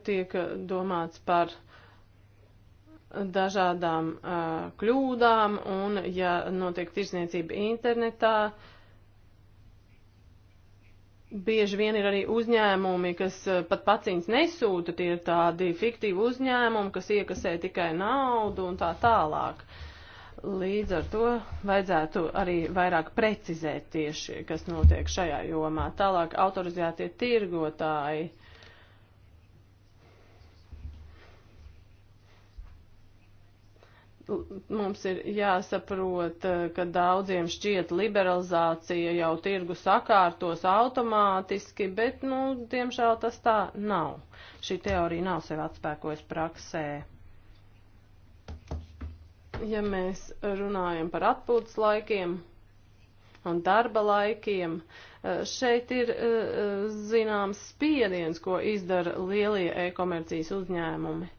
C: tiek domāts par dažādām uh, kļūdām un, ja notiek tirsniecība internetā, Bieži vien ir arī uzņēmumi, kas pat pacients nesūta, tie ir tādi fiktīvi uzņēmumi, kas iekasē tikai naudu un tā tālāk. Līdz ar to vajadzētu arī vairāk precizēt tieši, kas notiek šajā jomā. Tālāk autorizētie tirgotāji. Uh, Mums ir jāsaprot, eh, ka daudziem šķiet liberalizācija jau tirgu sakārtos automātiski, bet, nu, diemžēl tas tā nav. Šī teorija nav sev atspēkojas praksē. Ja mēs runājam par atpūtas laikiem, un darba laikiem. Eh, šeit ir eh, zināms spiediens, ko izdara lielie e-komercijas uzņēmumi.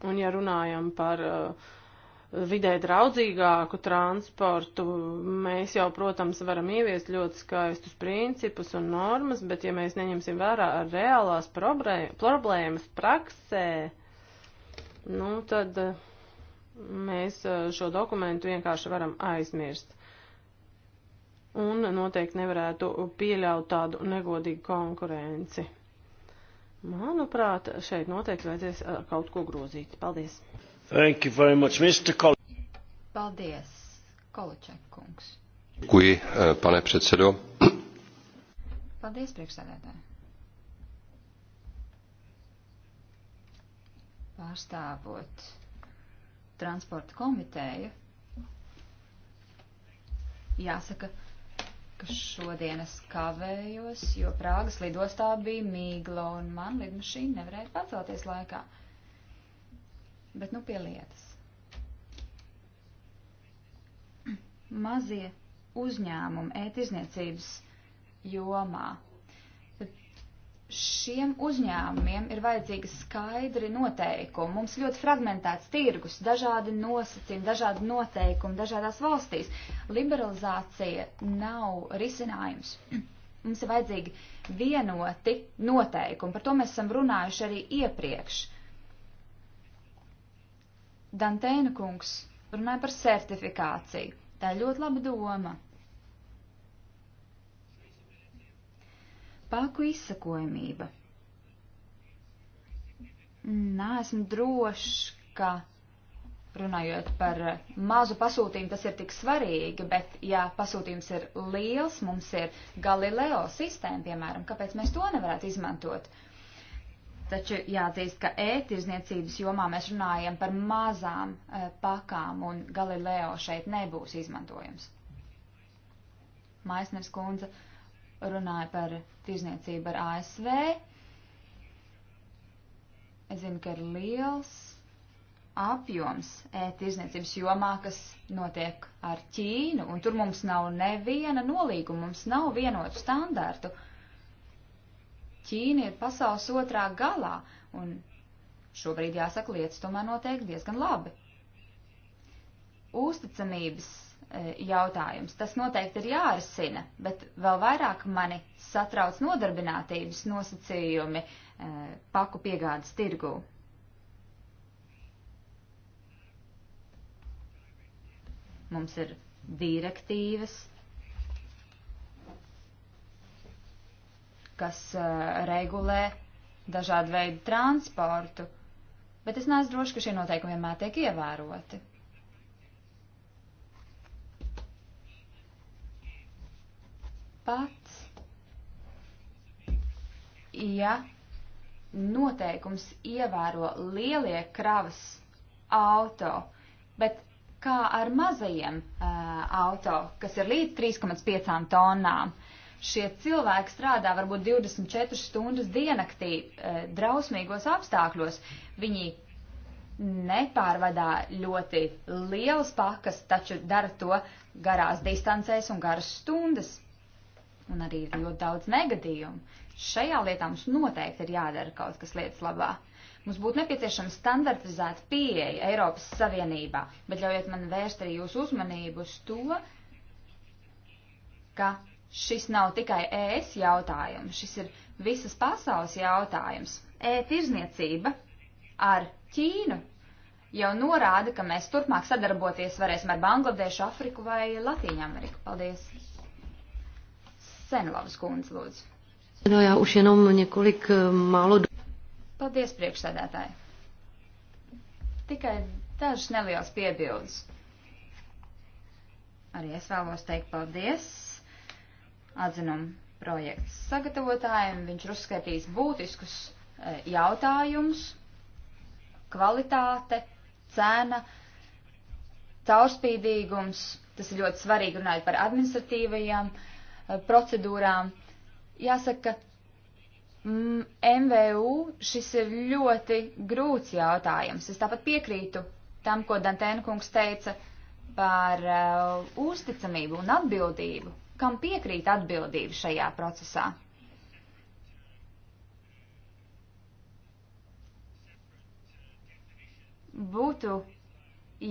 C: Un ja runājam par uh, vidē draudzīgāku transportu, mēs jau, protams, varam ieviest ļoti skaistus principus un normas, bet ja mēs neņemsim vērā reālās problēmas praksē, nu tad uh, mēs uh, šo dokumentu vienkārši varam aizmirst. Un noteikti nevarētu pieļaut tādu negodīgu konkurenci. Manuprāt, šeit noteikti vajadzēs uh, kaut ko grozīt. Paldies.
A: Thank you very much, Mr. Kol
D: Paldies, Koluček kungs.
A: Kui, eh, pane predsedo.
D: Paldies, priekšsēdētāji. Pārstāvot transporta komiteju, jāsaka, ka šodien es kavējos, jo Prāgas lidostā bija mīgla un man lidmašīna nevarēja pacelties laikā. Bet nu pie lietas. Mazie uzņēmumi ētizniecības jomā šiem uzņēmumiem ir vajadzīgi skaidri noteikumi. Mums ļoti fragmentēts tirgus, dažādi nosacījumi, dažādi noteikumi dažādās valstīs. Liberalizācija nav risinājums. Mums ir vajadzīgi vienoti noteikumi. Par to mēs esam runājuši arī iepriekš. Dantēna kungs runāja par certifikāciju. Tā ir ļoti laba doma. Paku izsakojamība. Nē, esmu drošs, ka runājot par mazu pasūtījumu, tas ir tik svarīgi, bet ja pasūtījums ir liels, mums ir Galileo sistēma, piemēram, kāpēc mēs to nevarētu izmantot? Taču jāatzīst, ka ētirzniecības e jomā mēs runājam par mazām e, pakām, un Galileo šeit nebūs izmantojams. Maisners kundze runāja par tirzniecību ar ASV. Es zinu, ka ir liels apjoms e-tirzniecības jomā, kas notiek ar Ķīnu, un tur mums nav neviena nolīguma, mums nav vienotu standārtu. Ķīna ir pasaules otrā galā, un šobrīd jāsaka, lietas tomēr notiek diezgan labi. Uzticamības E, jautājums. Tas noteikti ir jārisina, bet vēl vairāk mani satrauc nodarbinātības nosacījumi e, paku piegādes tirgū. Mums ir direktīvas, kas e, regulē dažādu veidu transportu, bet es neesmu droši, ka šie noteikumi vienmēr tiek ievēroti. pats, ja noteikums ievēro lielie kravas auto, bet kā ar mazajiem uh, auto, kas ir līdz 3,5 tonnām. Šie cilvēki strādā varbūt 24 stundas diennaktī uh, drausmīgos apstākļos. Viņi nepārvadā ļoti lielas pakas, taču dara to garās distancēs un garas stundas un arī ir ļoti daudz negadījumu. Šajā lietā mums noteikti ir jādara kaut kas lietas labā. Mums būtu nepieciešama standartizēta pieeja Eiropas Savienībā, bet ļaujiet man vērst arī jūsu uzmanību uz to, ka šis nav tikai ES jautājums, šis ir visas pasaules jautājums. E-tirzniecība ar Ķīnu jau norāda, ka mēs turpmāk sadarboties varēsim ar Bangladešu, Afriku vai Latīņu Ameriku. Paldies! Senlovas kundze, lūdzu.
C: No jā, už jenom několik eh, málo.
D: Paldies, priekšsēdētāji. Tikai dažas nelielas piebildes. Arī es vēlos teikt paldies atzinumu projektu sagatavotājiem. Viņš ir uzskatījis būtiskus eh, jautājumus - kvalitāte, cena, caurspīdīgums. Tas ir ļoti svarīgi runājot par administratīvajiem uh, Eh, procedūrām. Jāsaka, ka MVU šis ir ļoti grūts jautājums. Es tāpat piekrītu tam, ko Dantēna kungs teica par uh, uzticamību un atbildību. Kam piekrīt atbildība šajā procesā? Būtu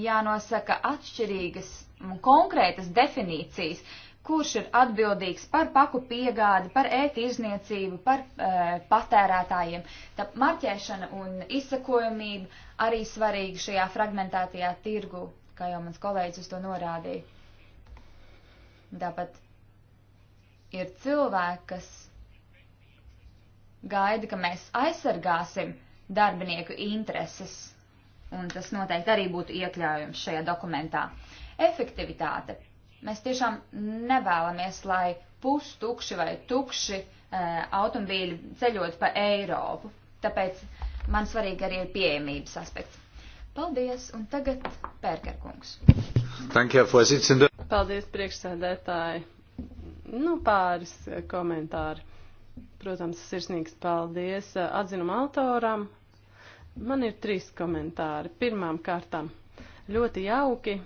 D: jānosaka atšķirīgas un konkrētas definīcijas, uh, kurš ir atbildīgs par paku piegādi, par ētirzniecību, par e, patērētājiem. Tā marķēšana un izsakojamība arī svarīga šajā fragmentētajā tirgu, kā jau mans kolēģis uz to norādīja. Tāpat ir cilvēki, kas gaida, ka mēs aizsargāsim darbinieku intereses, un tas noteikti arī būtu iekļaujams šajā dokumentā. Efektivitāte Mēs tiešām nevēlamies, lai pustukši vai tukši e, automobīļi ceļot pa Eiropu. Tāpēc man svarīgi arī ir pieejamības aspekts. Paldies, un tagad Pērkerkungs. Paldies, priekšsēdētāji.
C: Nu, pāris komentāri. Protams, sirsnīgs paldies eh, atzinuma autoram. Man ir trīs komentāri. Pirmām kārtām ļoti jauki,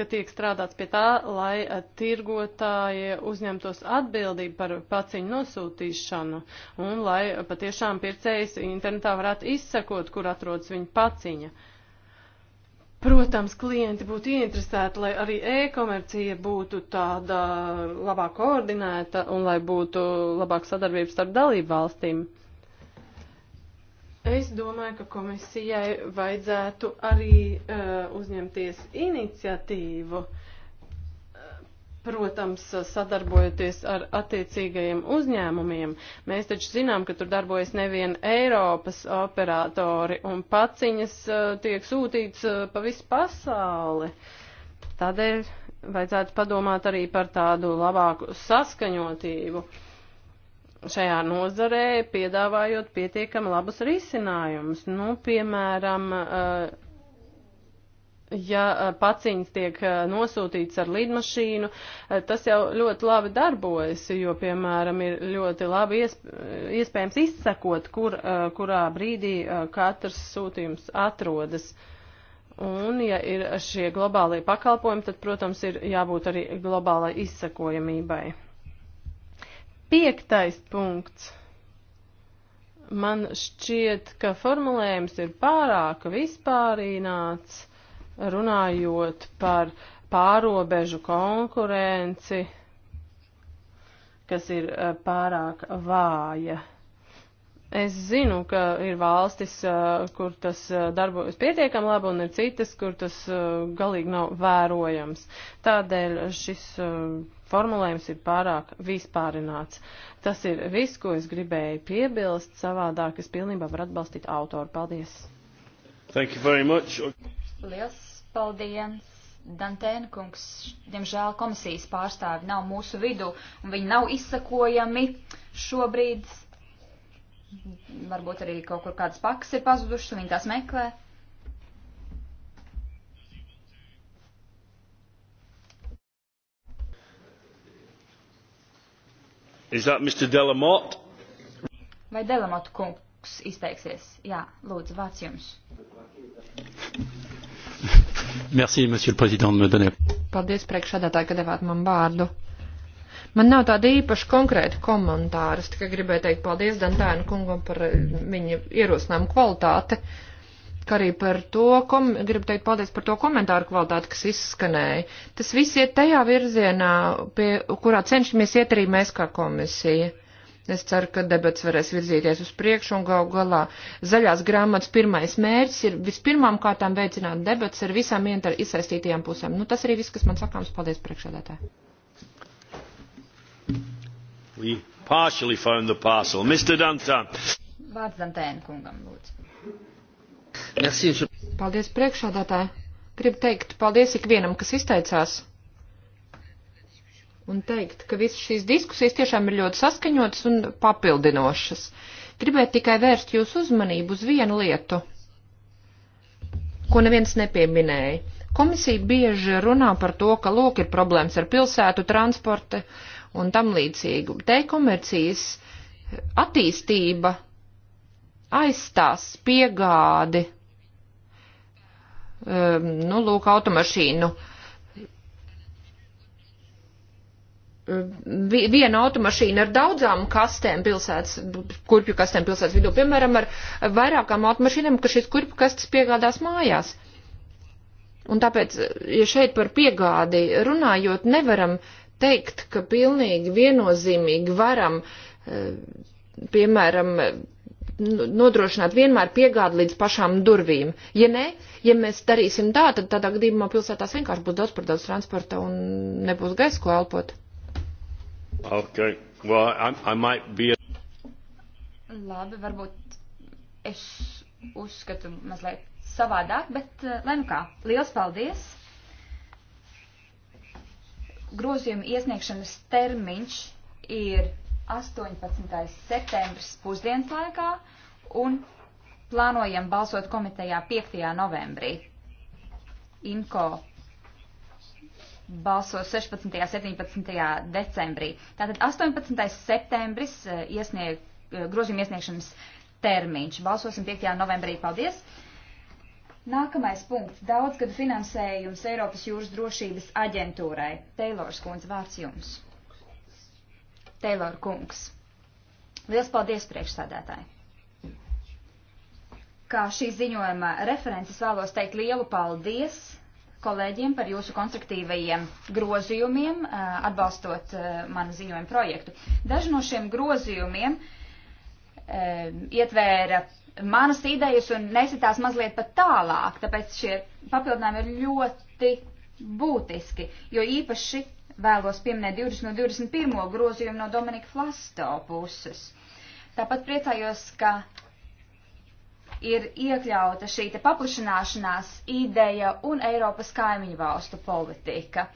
C: ka tiek strādāts pie tā, lai eh, tirgotāji uzņemtos atbildību par paciņu nosūtīšanu un lai patiešām pircējs internetā varētu izsakot, kur atrodas viņa paciņa. Protams, klienti būtu ieinteresēti, lai arī e-komercija būtu tāda labāk koordinēta un lai būtu labāk sadarbības starp dalību valstīm. Uh, Es domāju, ka komisijai vajadzētu arī uh, uzņemties iniciatīvu, uh, protams, sadarbojoties ar attiecīgajiem uzņēmumiem. Mēs taču zinām, ka tur darbojas nevien Eiropas operatori un paciņas uh, tiek sūtīts uh, pa visu pasauli. Tādēļ vajadzētu padomāt arī par tādu labāku saskaņotību. Uh, šajā nozarē, piedāvājot pietiekami labus risinājumus. Nu, piemēram, eh, ja eh, paciņas tiek eh, nosūtīts ar lidmašīnu, tas jau ļoti labi darbojas, jo, piemēram, ir ļoti labi iesp iespējams izsekot, kur, kurā brīdī katrs sūtījums atrodas. Un, ja ir šie globālie pakalpojumi, tad, protams, ir jābūt arī globālai izsekojamībai. Piektais punkts. Man šķiet, ka formulējums ir pārāk vispārīnāts, runājot par pārobežu konkurenci, kas ir eh, pārāk vāja. Es zinu, ka ir valstis, eh, kur tas eh, darbojas pietiekami labi, un ir citas, kur tas galīgi nav vērojams. Tādēļ šis formulējums ir pārāk vispārināts. Tas ir viss, ko es gribēju piebilst, savādāk es pilnībā varu atbalstīt autoru. Paldies!
D: Thank you very much. Liels paldies! Dantēna kungs, diemžēl komisijas pārstāvi nav mūsu vidu, un viņi nav izsakojami šobrīd. Varbūt arī kaut kur kādas pakas ir pazudušas, un viņi tās meklē.
A: Is that Mr. Delamot?
D: Vai Delamot kungs izteiksies? Jā, lūdzu, vārds jums.
A: Merci, monsieur le président, de me donner.
B: Paldies, priekšsēdētāji, ka devāt man vārdu. Man nav tāda īpaša konkrēta komentāra, tikai gribēju teikt paldies Dantēnu kungam par viņa ierosinājumu kvalitāti. Uh, kā arī par to, kom, gribu teikt paldies par to komentāru kvalitāti, kas izskanēja. Tas viss iet tajā virzienā, pie, kurā cenšamies iet arī mēs kā komisija. Es ceru, ka debats varēs virzīties uz priekšu un gal galā zaļās grāmatas pirmais mērķis ir vispirmām kārtām veicināt debats ar visām iesaistītajām pusēm. Nu, tas arī viss, kas man sakāms. Paldies, priekšsēdētāji.
A: We partially found the parcel. Mr. Dantan.
D: Vārds Dantēna kungam, lūdzu.
A: Merci, je...
B: Paldies priekšādātāji. Gribu teikt paldies ikvienam, kas izteicās. Un teikt, ka visas šīs diskusijas tiešām ir ļoti saskaņotas un papildinošas. Gribētu tikai vērst jūsu uzmanību uz vienu lietu, ko neviens nepieminēja. Komisija bieži runā par to, ka lūk ir problēmas ar pilsētu transporte un tam līdzīgu. Te komercijas attīstība aizstās piegādi, um, nu, lūk, automašīnu. Viena automašīna ar daudzām kastēm pilsētas, kurpju kastēm pilsētas vidū, piemēram, ar vairākām automašīnām, ka šīs kurpju kastes piegādās mājās. Un tāpēc, ja šeit par piegādi runājot, nevaram teikt, ka pilnīgi viennozīmīgi varam, eh, piemēram, nodrošināt vienmēr piegādi līdz pašām durvīm. Ja nē, ja mēs darīsim tā, tad tādā gadījumā pilsētās vienkārši būs daudz par daudz transporta un nebūs gaisa, ko elpot.
A: Okay. Well, I, I might be a...
D: Labi, varbūt es uzskatu mazliet savādāk, bet eh, lai nu kā. Liels paldies! Grozījuma iesniegšanas termiņš ir 18. septembris pusdienslaikā un plānojam balsot komitejā 5. novembrī. IMCO balsos 16. un 17. decembrī. Tātad 18. septembris eh, iesnieg, eh, grozījuma iesniegšanas termiņš. Balsosim 5. novembrī. Paldies! Nākamais punkts - daudzgadu finansējums Eiropas jūras drošības aģentūrai. Teilors Kunz, vārds jums! Teilor kungs. Liels paldies priekšsādātāji! Kā šī ziņojuma references vēlos teikt lielu paldies kolēģiem par jūsu konstruktīvajiem grozījumiem, eh, atbalstot eh, manu ziņojumu projektu. Daži no šiem grozījumiem eh, ietvēra manas idejas un nesitās mazliet pat tālāk, tāpēc šie papildinājumi ir ļoti būtiski, jo īpaši vēlos pieminēt 20 no 21. grozījumu no Dominika Flasto puses. Tāpat priecājos, ka ir iekļauta šī te paplašanāšanās ideja un Eiropas kaimiņu valstu politika.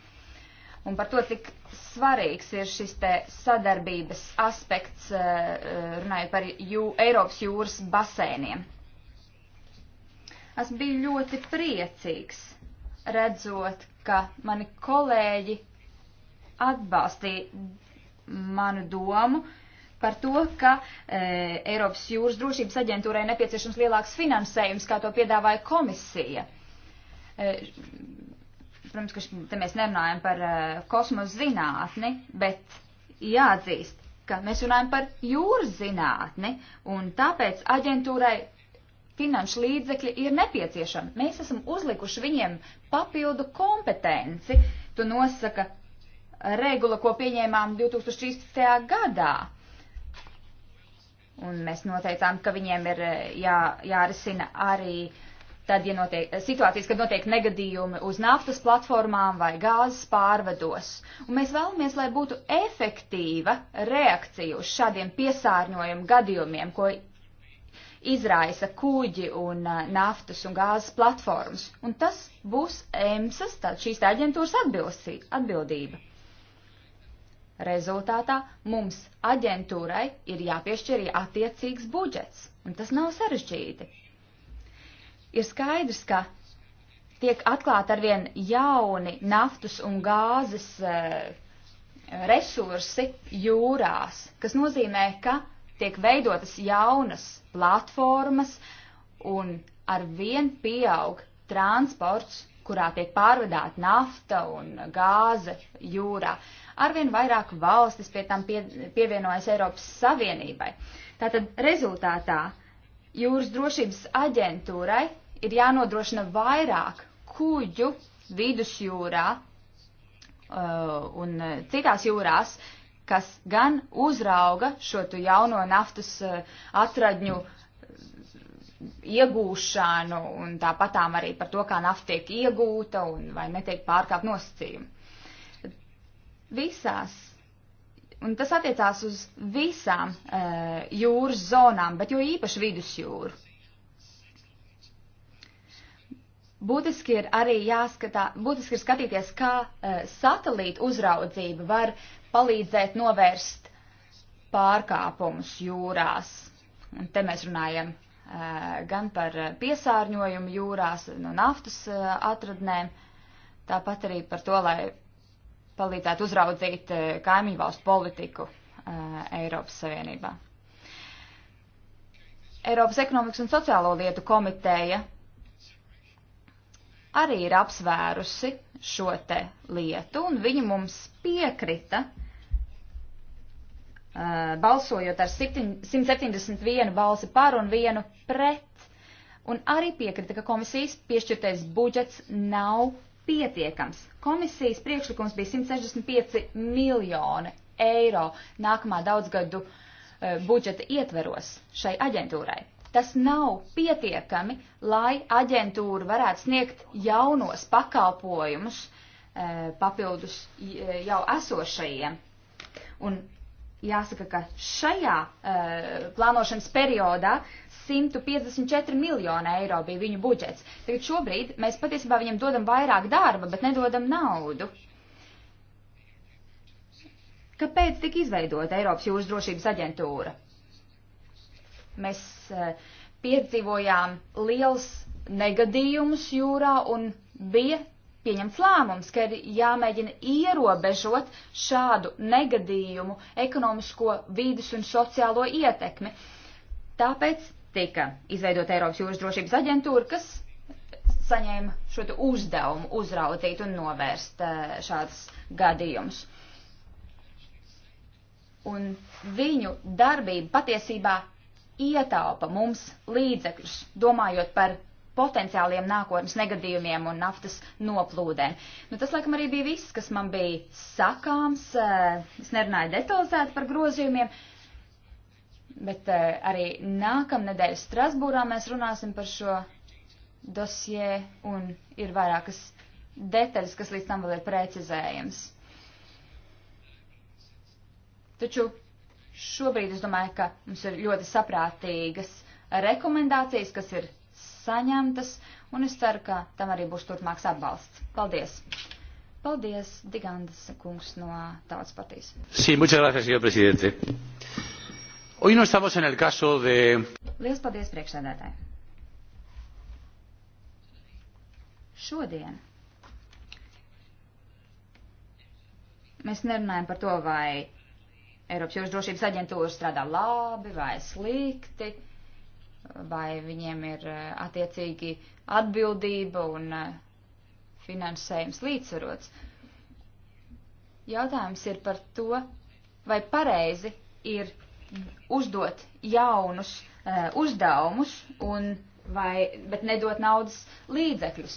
D: Un par to, cik svarīgs ir šis te sadarbības aspekts, eh, eh, runājot par jū, Eiropas jūras basēniem. Es biju ļoti priecīgs redzot, ka mani kolēģi atbalstīja manu domu par to, ka e, Eiropas jūras drošības aģentūrai nepieciešams lielāks finansējums, kā to piedāvāja komisija. E, protams, ka te mēs nerunājam par e, kosmosa zinātni, bet jāatzīst, ka mēs runājam par jūras zinātni, un tāpēc aģentūrai finanšu līdzekļi ir nepieciešami. Mēs esam uzlikuši viņiem papildu kompetenci. Tu nosaka regula, ko pieņēmām 2013. gadā. Un mēs noteicām, ka viņiem ir eh, jā, jārisina arī tad, ja notiek situācijas, kad notiek negadījumi uz naftas platformām vai gāzes pārvados. Un mēs vēlamies, lai būtu efektīva reakcija uz šādiem piesārņojumu gadījumiem, ko izraisa kuģi un eh, naftas un gāzes platformas. Un tas būs EMSAS, tad šīs aģentūras atbilsī, atbildība. Rezultātā mums aģentūrai ir jāpiešķir arī attiecīgs budžets, un tas nav sarežģīti. Ir skaidrs, ka tiek atklāti arvien jauni naftas un gāzes e, resursi jūrās, kas nozīmē, ka tiek veidotas jaunas platformas un arvien pieaug transports, kurā tiek pārvadāta nafta un gāze jūrā. Uh, Arvien vairāk valstis pie tam pie, pievienojas Eiropas Savienībai. Tātad rezultātā jūras drošības aģentūrai ir jānodrošina vairāk kuģu vidusjūrā uh, un uh, citās jūrās, kas gan uzrauga šo tu jauno naftas uh, atradņu uh, iegūšanu un tāpatām arī par to, kā nafta tiek iegūta un vai netiek pārkāpt nosacījumi visās, un tas attiecās uz visām uh, jūras zonām, bet jo īpaši vidusjūru. Būtiski ir arī jāskatā, būtiski ir skatīties, kā uh, satelīta uzraudzība var palīdzēt novērst pārkāpumus jūrās. Un te mēs runājam uh, gan par piesārņojumu jūrās no naftas uh, atradnēm, tāpat arī par to, lai palīdzētu uzraudzīt eh, kaimiņu valstu politiku eh, Eiropas Savienībā. Eiropas ekonomikas un sociālo lietu komiteja arī ir apsvērusi šo te lietu, un viņi mums piekrita, uh, balsojot ar 7, 171 balsi par un vienu pret, un arī piekrita, ka komisijas piešķirtais budžets nav pietiekams. Komisijas priekšlikums bija 165 miljoni eiro nākamā daudzgadu uh, budžeta ietveros šai aģentūrai. Tas nav pietiekami, lai aģentūra varētu sniegt jaunos pakalpojumus uh, papildus uh, jau esošajiem. Un jāsaka, ka šajā plānošanas periodā 154 miljoni eiro bija viņu budžets. Tagad šobrīd mēs patiesībā viņam dodam vairāk darba, bet nedodam naudu. Kāpēc tika izveidota Eiropas jūras drošības aģentūra? Mēs eh, piedzīvojām liels negadījumus jūrā un bija pieņemts lēmums, ka ir jāmēģina ierobežot šādu negadījumu ekonomisko, vīdes un sociālo ietekmi. Tāpēc tika izveidota Eiropas jūras drošības aģentūra, kas saņēma šo uzdevumu uzraudzīt un novērst eh, šādas gadījumus. Un viņu darbība patiesībā ietaupa mums līdzekļus, domājot par potenciāliem nākotnes negadījumiem un naftas noplūdēm. Nu, tas, laikam, arī bija viss, kas man bija sakāms. Eh, es nerunāju detalizēti par grozījumiem, Bet eh, arī nākamnedēļ Strasbūrā mēs runāsim par šo dosie un ir vairākas detaļas, kas līdz tam vēl ir precizējams. Taču šobrīd es domāju, ka mums ir ļoti saprātīgas rekomendācijas, kas ir saņemtas, un es ceru, ka tam arī būs turpmāks atbalsts. Paldies! Paldies, Digandas kungs no Tautas partijas.
A: Sí, muchas gracias, señor presidente. Hoy no estamos en el caso de.
D: Lielas paldies, priekšsēdētāji! Šodien mēs nerunājam par to, vai Eiropas jūras drošības aģentūra strādā labi vai slikti, vai viņiem ir eh, attiecīgi atbildība un eh, finansējums līdzsvarots. Jautājums ir par to, vai pareizi ir uzdot jaunus uh, uzdevumus, bet nedot naudas līdzekļus.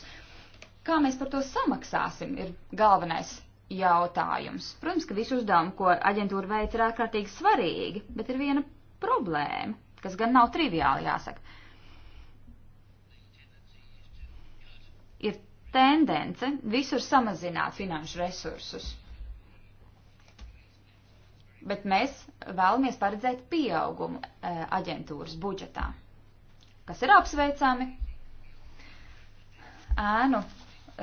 D: Kā mēs par to samaksāsim, ir galvenais jautājums. Protams, ka visu uzdevumu, ko aģentūra veic, ir ārkārtīgi svarīgi, bet ir viena problēma, kas gan nav triviāli jāsaka. Ir tendence visur samazināt finanšu resursus bet mēs vēlamies paredzēt pieaugumu e, aģentūras budžetā, kas ir apsveicami. Ēnu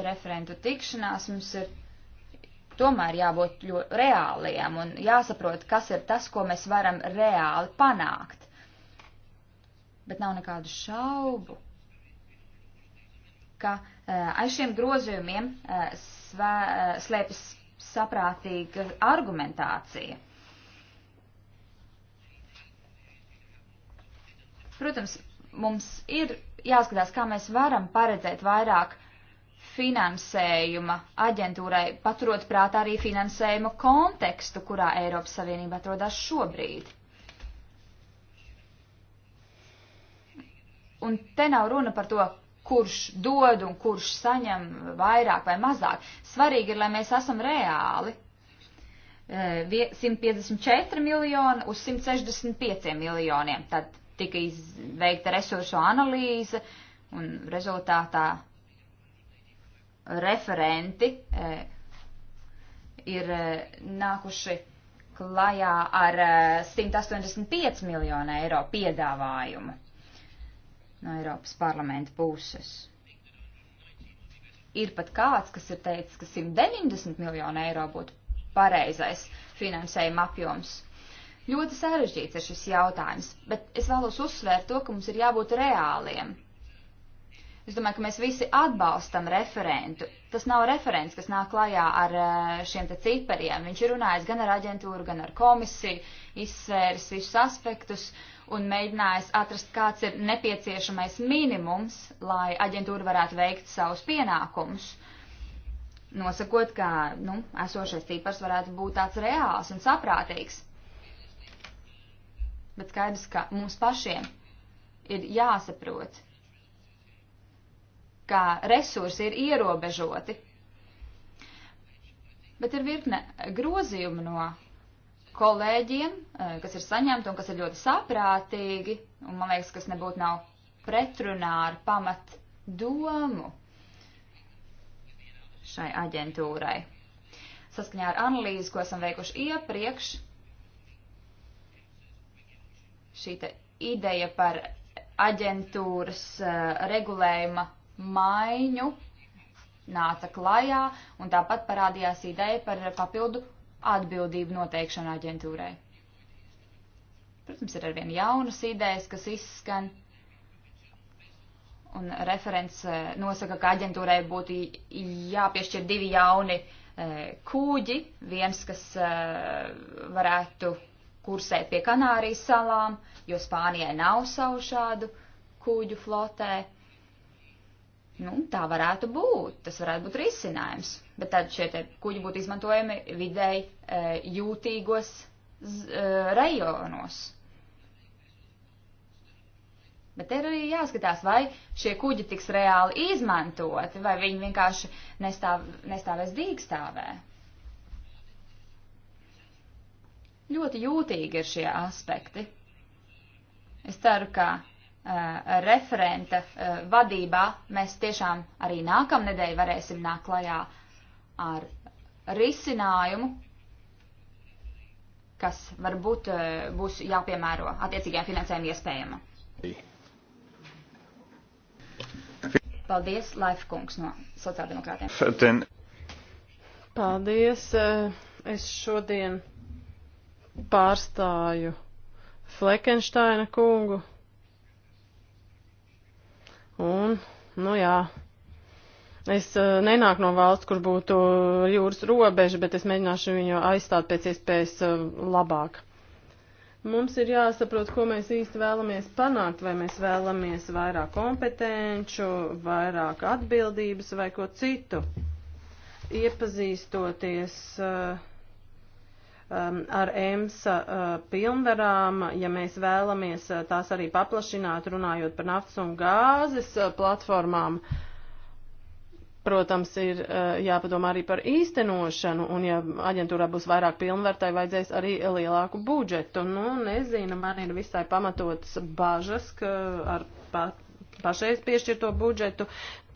D: referentu tikšanās mums ir tomēr jābūt reāliem un jāsaprot, kas ir tas, ko mēs varam reāli panākt. Bet nav nekādu šaubu, ka e, aiz šiem grozījumiem e, slēpjas saprātīga argumentācija. Protams, mums ir jāskatās, kā mēs varam paredzēt vairāk finansējuma aģentūrai, paturot prātā arī finansējuma kontekstu, kurā Eiropas Savienība atrodas šobrīd. Un te nav runa par to, kurš dod un kurš saņem vairāk vai mazāk. Svarīgi ir, lai mēs esam reāli. 154 eh, miljoni uz 165 miljoniem. Tad tika izveikta resursu analīze un rezultātā referenti e, ir e, nākuši klajā ar e, 185 miljonu eiro piedāvājumu no Eiropas parlamenta puses. Ir pat kāds, kas ir teicis, ka 190 miljonu eiro būtu pareizais finansējuma apjoms. Ļoti sarežģīts ir šis jautājums, bet es vēlos uzsvērt to, ka mums ir jābūt reāliem. Es domāju, ka mēs visi atbalstam referentu. Tas nav referents, kas nāk klajā ar eh, šiem te cipariem. Viņš ir runājis gan ar aģentūru, gan ar komisiju, izsvēris visus aspektus un mēģinājis atrast, kāds ir nepieciešamais minimums, lai aģentūra varētu veikt savus pienākumus. Nosakot, ka nu, esošais cipars varētu būt tāds reāls un saprātīgs bet skaidrs, ka mums pašiem ir jāsaprot, ka resursi ir ierobežoti. Bet ir virkne grozījumu no kolēģiem, eh, kas ir saņemti un kas ir ļoti saprātīgi, un man liekas, kas nebūtu nav pretrunā ar pamat domu šai aģentūrai. Saskaņā ar analīzi, ko esam veikuši iepriekš, šī ideja par aģentūras uh, regulējuma maiņu nāca klajā, un tāpat parādījās ideja par papildu atbildību noteikšanu aģentūrai. Protams, ir arvien jaunas idejas, kas izskan, un referents uh, nosaka, ka aģentūrai būtu jāpiešķir divi jauni uh, kūģi, viens, kas varētu kursēt pie Kanārijas salām, jo Spānijai nav savu šādu kuģu flotē. Nu, tā varētu būt, tas varētu būt risinājums, bet tad šie kuģi būtu izmantojami videi e, jūtīgos z, e, rajonos. Bet ir arī jāskatās, vai šie kuģi tiks reāli izmantoti, vai viņi vienkārši nestāv, nestāvēs dīkstāvē. Ļoti jūtīgi ir šie aspekti. Es ceru, ka uh, referenta uh, vadībā mēs tiešām arī nākamnedēļ varēsim nākt klajā ar risinājumu, kas varbūt uh, būs jāpiemēro attiecīgajām finansējuma iespējama. Paldies, Laifkungs no sociāldemokrātiem. Paldies,
C: es šodien pārstāju Flekenšteina kungu. Un, nu jā, es eh, nenāku no valsts, kur būtu jūras robeža, bet es mēģināšu viņu aizstāt pēc iespējas eh, labāk. Mums ir jāsaprot, ko mēs īsti vēlamies panākt, vai mēs vēlamies vairāk kompetenču, vairāk atbildības vai ko citu. Iepazīstoties uh, Um, ar EMSA uh, pilnvarām, ja mēs vēlamies uh, tās arī paplašināt, runājot par naftas un gāzes uh, platformām. Protams, ir jāpadomā arī par īstenošanu, un ja aģentūrā būs vairāk pilnvērtai, vajadzēs arī lielāku budžetu. Nu, nezinu, man ir visai pamatotas bažas, ka ar pat pašreiz piešķirto budžetu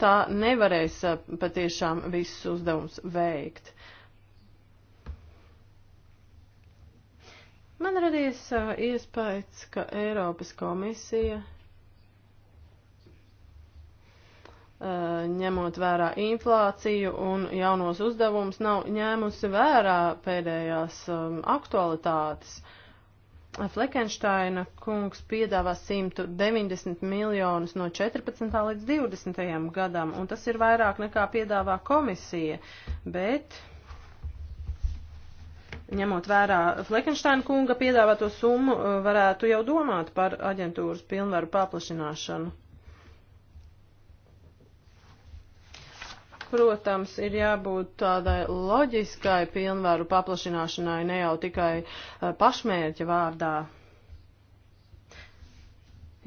C: tā nevarēs patiešām visus uzdevums veikt. Man radies iespējas, ka Eiropas komisija, ņemot vērā inflāciju un jaunos uzdevumus, nav ņēmusi vērā pēdējās aktualitātes. Fleckensteina kungs piedāvā 190 miljonus no 14. līdz 20. gadam, un tas ir vairāk nekā piedāvā komisija, bet ņemot vērā Fleckensteina kunga piedāvāto summu, eh, varētu jau domāt par aģentūras pilnvaru paplašināšanu. Protams, ir jābūt tādai loģiskai pilnvaru paplašināšanai, ne jau tikai eh, pašmērķa vārdā.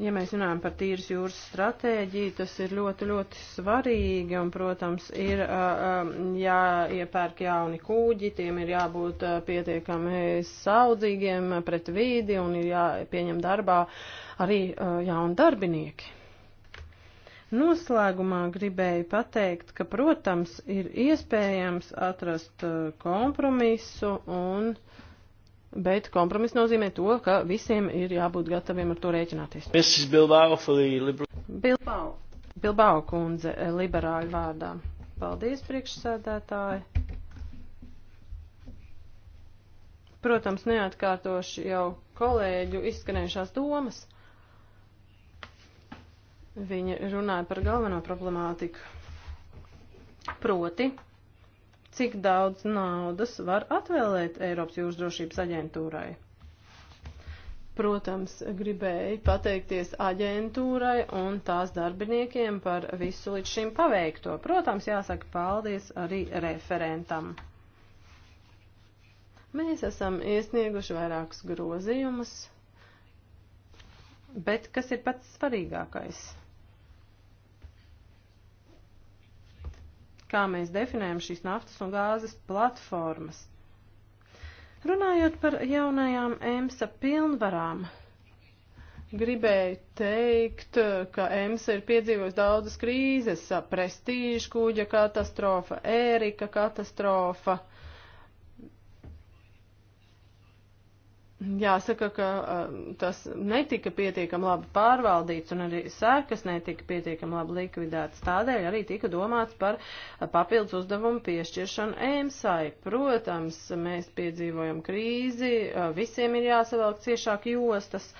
C: Ja mēs runājam par tīras jūras stratēģiju, tas ir ļoti, ļoti svarīgi un, protams, ir jāiepērk jauni kūģi, tiem ir jābūt pietiekami saudzīgiem pret vīdi un ir jāpieņem darbā arī jauni darbinieki. Noslēgumā gribēju pateikt, ka, protams, ir iespējams atrast kompromisu un uh, Bet kompromiss nozīmē to, ka visiem ir jābūt gataviem ar to rēķināties. Bilbao, Bilbao, Bilbao kundze, eh, liberāļu vārdā. Paldies, priekšsēdētāji. Protams, neatkārtoši jau kolēģu izskanējušās domas. Viņa runāja par galveno problemātiku. Proti, cik daudz naudas var atvēlēt Eiropas jūras drošības aģentūrai. Protams, gribēju pateikties aģentūrai un tās darbiniekiem par visu līdz šim paveikto. Protams, jāsaka paldies arī referentam. Mēs esam iesnieguši vairākus grozījumus, bet kas ir pats svarīgākais? kā mēs definējam šīs naftas un gāzes platformas. Runājot par jaunajām EMSA pilnvarām, gribēju teikt, ka EMSA ir piedzīvojusi daudzas krīzes - prestīžu kuģa katastrofa, ērika katastrofa. Uh, Jāsaka, ka uh, tas netika pietiekami labi pārvaldīts un arī sēkas netika pietiekami labi likvidētas. Tādēļ arī tika domāts par uh, papildus uzdevumu piešķiršanu EMSAI. Protams, mēs piedzīvojam krīzi, uh, visiem ir jāsavelk ciešāk jostas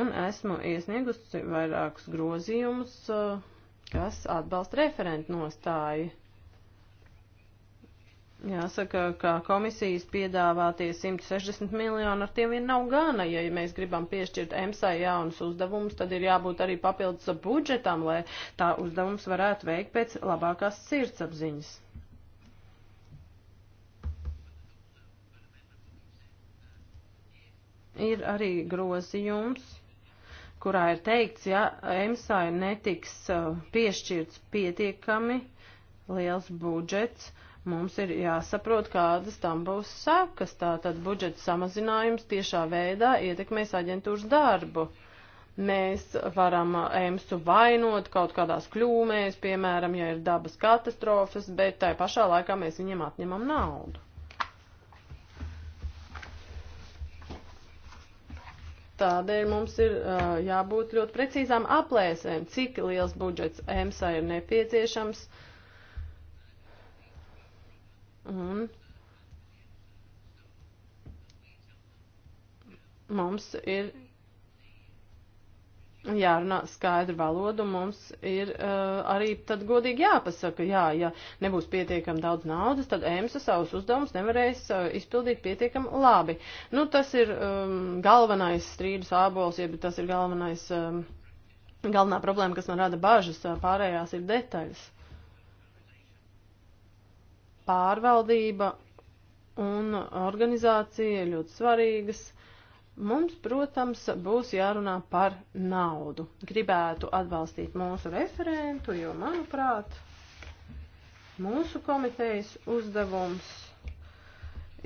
C: un esmu iesniegusi vairākus grozījumus, uh, kas atbalsta referentu nostāju. Jāsaka, ka komisijas piedāvātie 160 miljoni ar tiem vien nav gana. Ja mēs gribam piešķirt EMSA jaunus uzdevumus, tad ir jābūt arī papildus budžetam, lai tā uzdevums varētu veikt pēc labākās sirdsapziņas. Ir arī grozījums, kurā ir teikts, ja EMSA netiks uh, piešķirts pietiekami liels budžets, uh, Mums ir jāsaprot, kādas tam būs sekas. Tātad budžeta samazinājums tiešā veidā ietekmēs aģentūras darbu. Mēs varam EMSU vainot kaut kādās kļūmēs, piemēram, ja ir dabas katastrofas, bet tai pašā laikā mēs viņiem atņemam naudu. Tādēļ mums ir uh, jābūt ļoti precīzām aplēsēm, cik liels budžets EMSA ir nepieciešams, uh, Un mums ir jārunā skaidru valodu, mums ir uh, arī tad godīgi jāpasaka, jā, ja nebūs pietiekam daudz naudas, tad EMSA savus uzdevumus nevarēs uh, izpildīt pietiekam labi. Nu, tas ir um, galvenais strīdus ābols, jeb tas ir galvenais, um, galvenā problēma, kas man rada bažas, uh, pārējās ir detaļas pārvaldība un organizācija ir ļoti svarīgas. Mums, protams, būs jārunā par naudu. Gribētu atbalstīt mūsu referentu, jo, manuprāt, mūsu komitejas uzdevums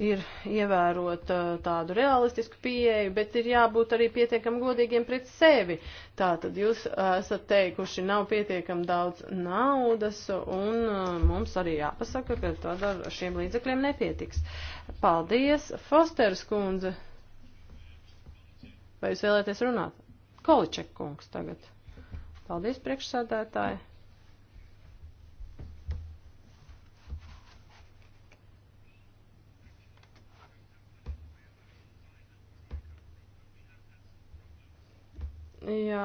C: ir ievērot uh, tādu realistisku pieeju, bet ir jābūt arī pietiekam godīgiem pret sevi. Tātad jūs esat teikuši, nav pietiekam daudz naudas un uh, mums arī jāpasaka, ka tad ar šiem līdzekļiem nepietiks. Paldies, Fosters kundze. Vai jūs vēlēties runāt? Količek kungs tagad. Paldies, priekšsādētāji. Jā.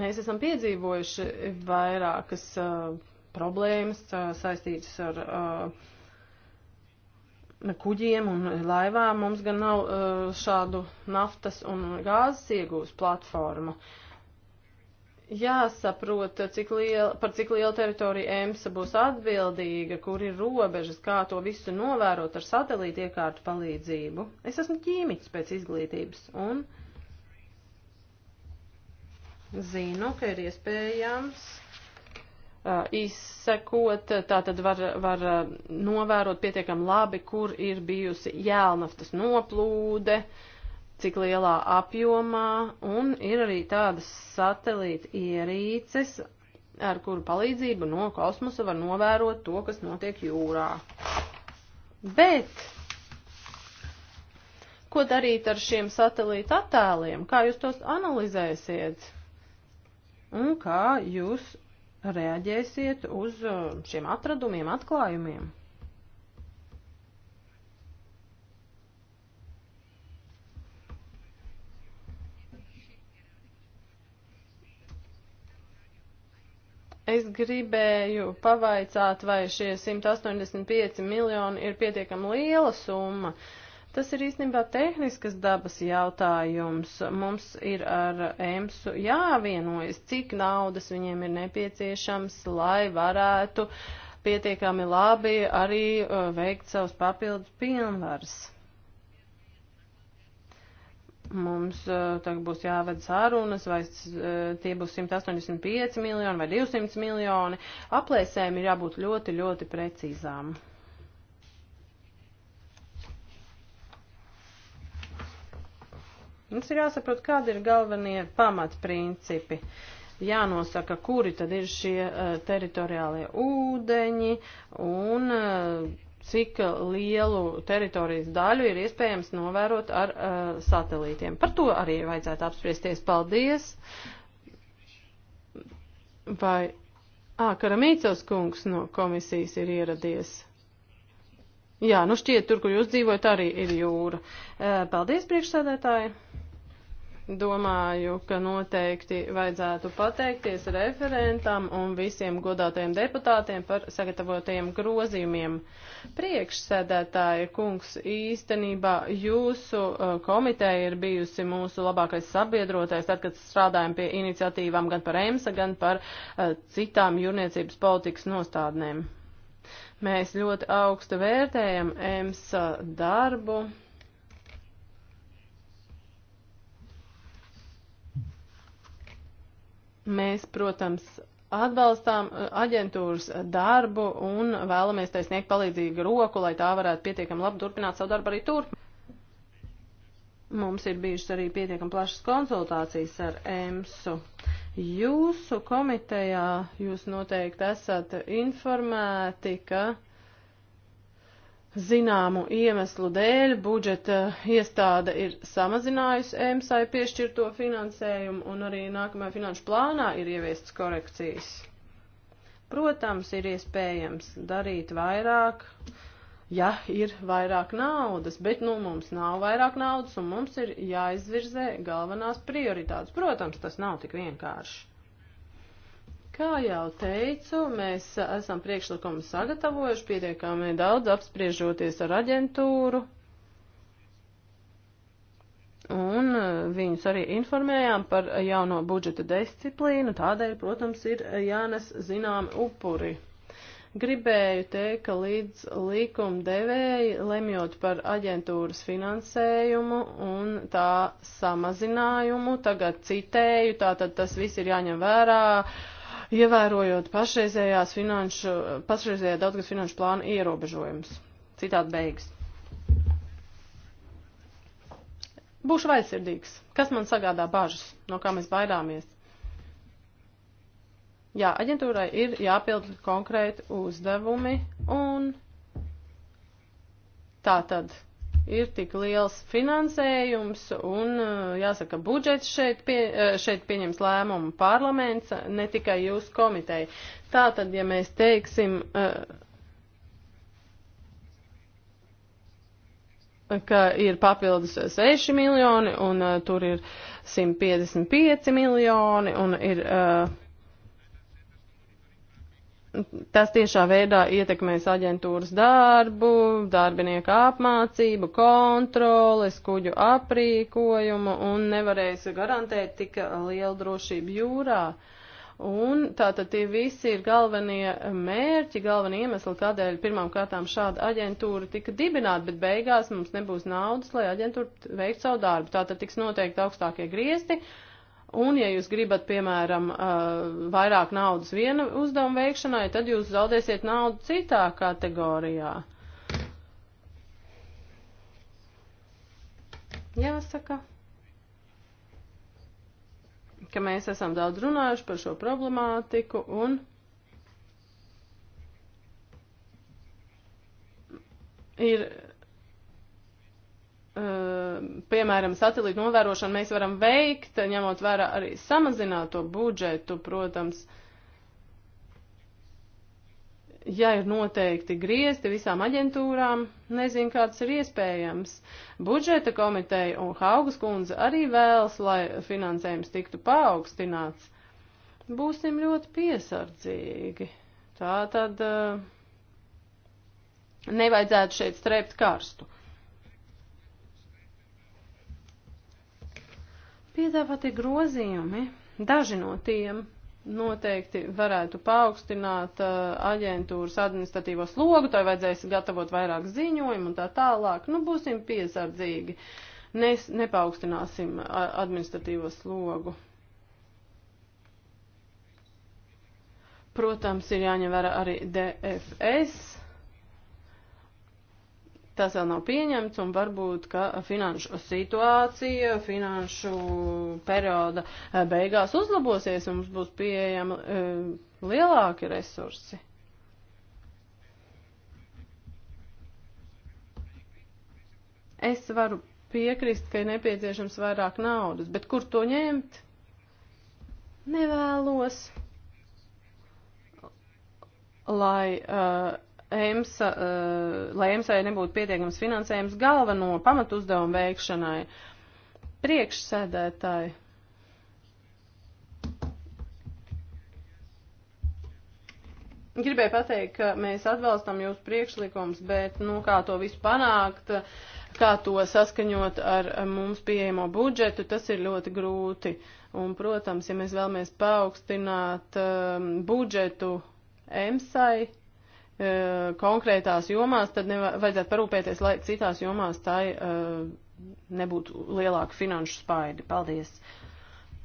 C: Mēs esam piedzīvojuši vairākas uh, problēmas uh, saistītas ar uh, kuģiem un laivām. Mums gan nav uh, šādu naftas un gāzes iegūs platformu. Uh, jāsaprot, cik liela, par cik lielu teritoriju EMSA būs atbildīga, kur ir robežas, kā to visu novērot ar satelīti iekārtu palīdzību. Es esmu ķīmiķis pēc izglītības un zinu, ka ir iespējams uh, izsekot, tātad var, var novērot pietiekam labi, kur ir bijusi jēlnaftas noplūde, uh, cik lielā apjomā, un ir arī tādas satelīta ierīces, ar kuru palīdzību no kosmosa var novērot to, kas notiek jūrā. Bet, ko darīt ar šiem satelīta attēliem, kā jūs tos analizēsiet, un kā jūs reaģēsiet uz uh, šiem atradumiem, atklājumiem? Es gribēju pavaicāt, vai šie 185 miljoni ir pietiekami liela summa. Tas ir īstenībā tehniskas dabas jautājums. Mums ir ar EMSU jāvienojas, cik naudas viņiem ir nepieciešams, lai varētu pietiekami labi arī uh, veikt savus papildus pilnvars mums uh, tagad būs jāved sarunas, vai uh, tie būs 185 miljoni vai 200 miljoni. Aplēsēm ir jābūt ļoti, ļoti precīzām. Mums ir jāsaprot, kādi ir galvenie pamatprincipi. Jānosaka, kuri tad ir šie uh, teritoriālie ūdeņi un uh, cik uh, lielu teritorijas daļu ir iespējams novērot ar uh, satelītiem. Par to arī vajadzētu apspriesties. Paldies! Vai Ā, Karamīcevs kungs no komisijas ir ieradies. Jā, nu šķiet, tur, kur jūs dzīvojat, arī ir jūra. Uh, paldies, priekšsēdētāji! Domāju, ka noteikti vajadzētu pateikties referentam un visiem godātajiem deputātiem par sagatavotajiem grozījumiem. Priekšsēdētāja kungs, īstenībā jūsu uh, komiteja ir bijusi mūsu labākais sabiedrotais, tad, kad strādājam pie iniciatīvām gan par EMSA, gan par uh, citām jūrniecības politikas nostādnēm. Mēs ļoti augstu vērtējam EMSA darbu. Mēs, protams, atbalstām eh, aģentūras darbu un vēlamies tai sniegt palīdzīgu roku, lai tā varētu pietiekami labi turpināt savu darbu arī turp. Mums ir bijušas arī pietiekami plašas konsultācijas ar EMSU. Jūsu komitejā jūs noteikti esat informēti, ka zināmu iemeslu dēļ budžeta iestāde ir samazinājusi EMSAI piešķirto finansējumu un arī nākamajā finanšu plānā ir ieviestas korekcijas. Protams, ir iespējams darīt vairāk, ja ir vairāk naudas, bet nu mums nav vairāk naudas un mums ir jāizvirzē galvenās prioritātes. Protams, tas nav tik vienkārši. Kā jau teicu, mēs esam priekšlikumu sagatavojuši pietiekami daudz apspriežoties ar aģentūru. Un e, viņus arī informējām par jauno budžeta disciplīnu, tādēļ, protams, ir jānes zinām upuri. Gribēju teikt, ka līdz līkuma devēji lemjot par aģentūras finansējumu un tā samazinājumu, tagad citēju, tātad tas viss ir jāņem vērā, uh, ievērojot pašreizējās finanšu, pašreizējā daudzgad finanšu plāna ierobežojums. Citādi beigas. Būšu vaisirdīgs. Kas man sagādā bažas? No kā mēs baidāmies? Jā, aģentūrai ir jāpild konkrēti uzdevumi un tā tad ir tik liels finansējums un, eh, jāsaka, budžets šeit, pie, eh, šeit pieņems lēmumu parlaments, ne tikai jūsu komiteja. Tātad, ja mēs teiksim, eh, ka ir papildus 6 miljoni un tur ir 155 miljoni un ir. Uh, Tas tiešā veidā ietekmēs aģentūras darbu, darbinieku apmācību, kontroles, kuģu aprīkojumu un nevarēs garantēt tik lielu drošību jūrā. Un tātad tie visi ir galvenie mērķi, galvenie iemesli, kādēļ pirmām kārtām šāda aģentūra tika dibināta, bet beigās mums nebūs naudas, lai aģentūra veiktu savu darbu. Tātad tiks noteikti augstākie griezti, uh, un ja jūs gribat, piemēram, vairāk naudas viena uzdevuma veikšanai, tad jūs zaudēsiet naudu citā kategorijā. Jāsaka, ka mēs esam daudz runājuši par šo problemātiku un. Ir Ehm, piemēram, satelītu novērošanu mēs varam veikt, ņemot vērā arī samazināto budžetu, protams, ja ir noteikti griezti visām aģentūrām, nezinu, kāds ir iespējams. Budžeta komiteja un Haugas kundze arī vēlas, lai finansējums tiktu paaugstināts. Būsim ļoti piesardzīgi. Tā tad ehm, nevajadzētu šeit strēpt karstu. Piedāvātie grozījumi, daži no tiem noteikti varētu paaugstināt uh, aģentūras administratīvo slogu, tai vajadzēs gatavot vairāk ziņojumu un tā tālāk. Nu, būsim piesardzīgi, Nes, nepaukstināsim administratīvo slogu. Protams, ir jāņem vērā arī DFS tas vēl nav pieņemts un varbūt, ka finanšu situācija, finanšu perioda eh, beigās uzlabosies un mums būs pieejami e, lielāki resursi. Es varu piekrist, ka ir nepieciešams vairāk naudas, bet kur to ņemt? Nevēlos, lai uh, EMSA, eh, lai EMSA nebūtu pietiekams finansējums galveno pamatu uzdevumu veikšanai. Priekšsēdētāji. Gribēju pateikt, ka mēs atbalstam jūsu priekšlikums, bet, nu, kā to visu panākt, kā to saskaņot ar mums pieejamo budžetu, tas ir ļoti grūti. Un, protams, ja mēs vēlamies paaugstināt um, budžetu EMSAI, E, konkrētās jomās, tad vajadzētu parūpēties, lai citās jomās tā e, nebūtu lielāka finanšu spaidi. Paldies!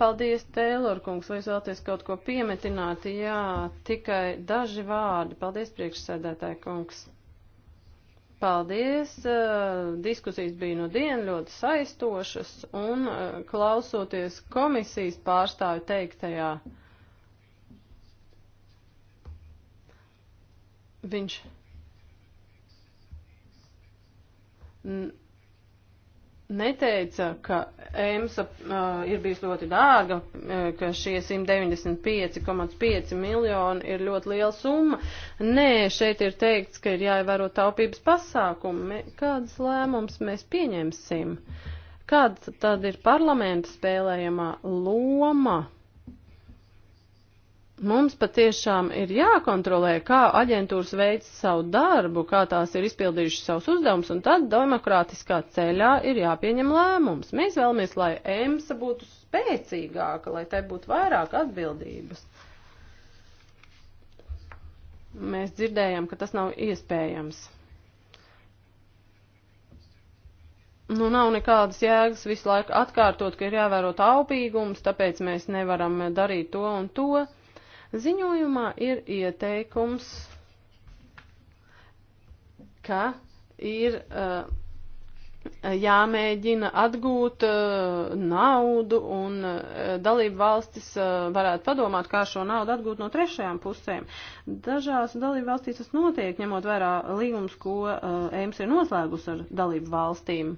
C: Paldies, Tēlor kungs, vai jūs vēlaties kaut ko piemetināt? Jā, tikai daži vārdi. Paldies, priekšsēdētāji kungs. Paldies! E, diskusijas bija no diena ļoti saistošas un klausoties komisijas pārstāvi teiktajā. Ja Viņš neteica, ka EMSA uh, ir bijis ļoti dārga, uh, ka šie 195,5 miljoni ir ļoti liela summa. Nē, šeit ir teikts, ka ir jāievēro taupības pasākumi. Kādas lēmums mēs pieņemsim? Kāda tad ir parlamenta spēlējamā loma? Mums patiešām ir jākontrolē, kā aģentūras veids savu darbu, kā tās ir izpildījušas savus uzdevumus, un tad demokrātiskā ceļā ir jāpieņem lēmums. Mēs vēlamies, lai EMSA būtu spēcīgāka, lai tai būtu vairāk atbildības. Mēs dzirdējam, ka tas nav iespējams. nu, nav nekādas jēgas visu laiku atkārtot, ka ir jāvēro taupīgums, tāpēc mēs nevaram darīt to un to. Ziņojumā ir ieteikums, ka ir uh, jāmēģina atgūt uh, naudu un uh, dalību valstis uh, varētu padomāt, kā šo naudu atgūt no trešajām pusēm. Dažās dalību valstīs tas notiek, ņemot vērā līgums, ko EMS ir noslēgus ar dalību valstīm.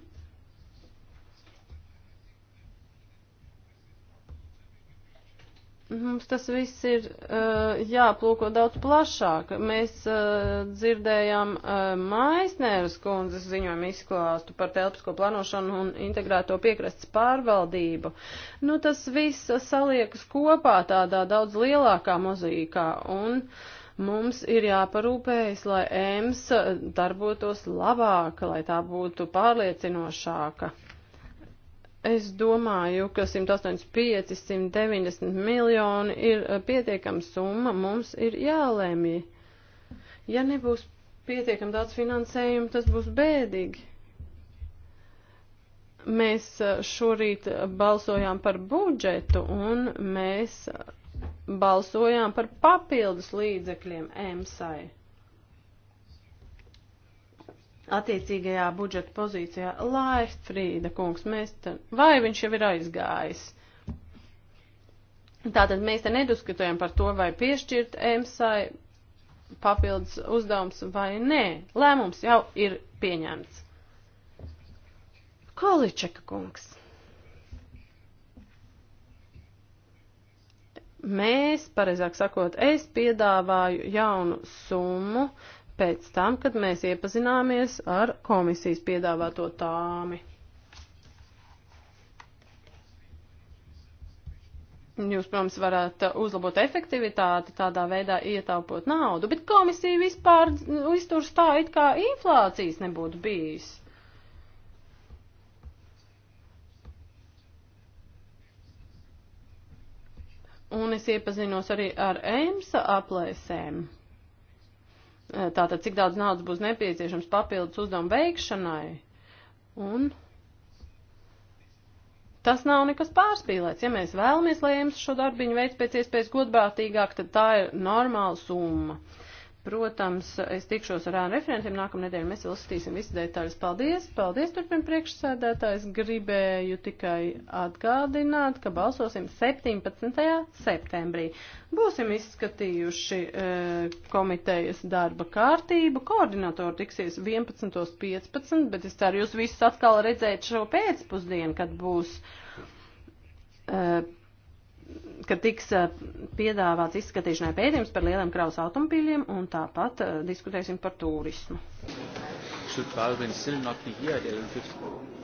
C: Mums tas viss ir uh, jāplūko daudz plašāk. Mēs uh, dzirdējām uh, eh, Maisnēras kundzes ziņojumu izklāstu par telpisko planošanu un integrēto piekrastes pārvaldību. Nu, tas viss saliekas kopā tādā daudz lielākā mozīkā un mums ir jāparūpējas, lai EMS darbotos labāk, lai tā būtu pārliecinošāka. Es domāju, ka 185, 190 miljoni ir eh, pietiekama summa, mums ir jālēmī. Ja nebūs pietiekam daudz finansējumu, tas būs bēdīgi. Mēs eh, šorīt balsojām par budžetu un mēs balsojām par papildus līdzekļiem EMSAI attiecīgajā budžeta pozīcijā. Laihfrīda kungs, mēs te, vai viņš jau ir aizgājis? Tātad mēs te neduskatējam par to, vai piešķirt EMSAI papildus uzdevums vai nē. Lēmums jau ir pieņemts. Količeka kungs. Mēs, pareizāk sakot, es piedāvāju jaunu summu pēc tam, kad mēs iepazināmies ar komisijas piedāvāto tāmi. Jūs, protams, varat uzlabot efektivitāti, tādā veidā ietaupot naudu, bet komisija vispār izturs tā, it kā inflācijas nebūtu bijis. Un es iepazinos arī ar EMSA aplēsēm. Eh, tātad, cik daudz naudas būs nepieciešams papildus uzdevumu veikšanai. Un tas nav nekas pārspīlēts. Ja mēs vēlamies, lai jums šo darbiņu veids pēc iespējas godprātīgāk, tad tā ir normāla summa. Uh, Protams, es tikšos ar ārnu referentiem nākamnedēļ, mēs vēl skatīsim visu detaļas. Paldies, paldies turpin priekšsēdētājs. Gribēju tikai atgādināt, ka balsosim 17. septembrī. Būsim izskatījuši e, komitejas darba kārtību. Koordinatori tiksies 11.15, bet es ceru jūs visus atkal redzēt šo pēcpusdienu, kad būs. E, ka tiks eh, piedāvāts izskatīšanai pētījums par lieliem kraus automobīļiem un tāpat eh, diskutēsim par turismu.
A: Should Valvin still not be here at 11.50?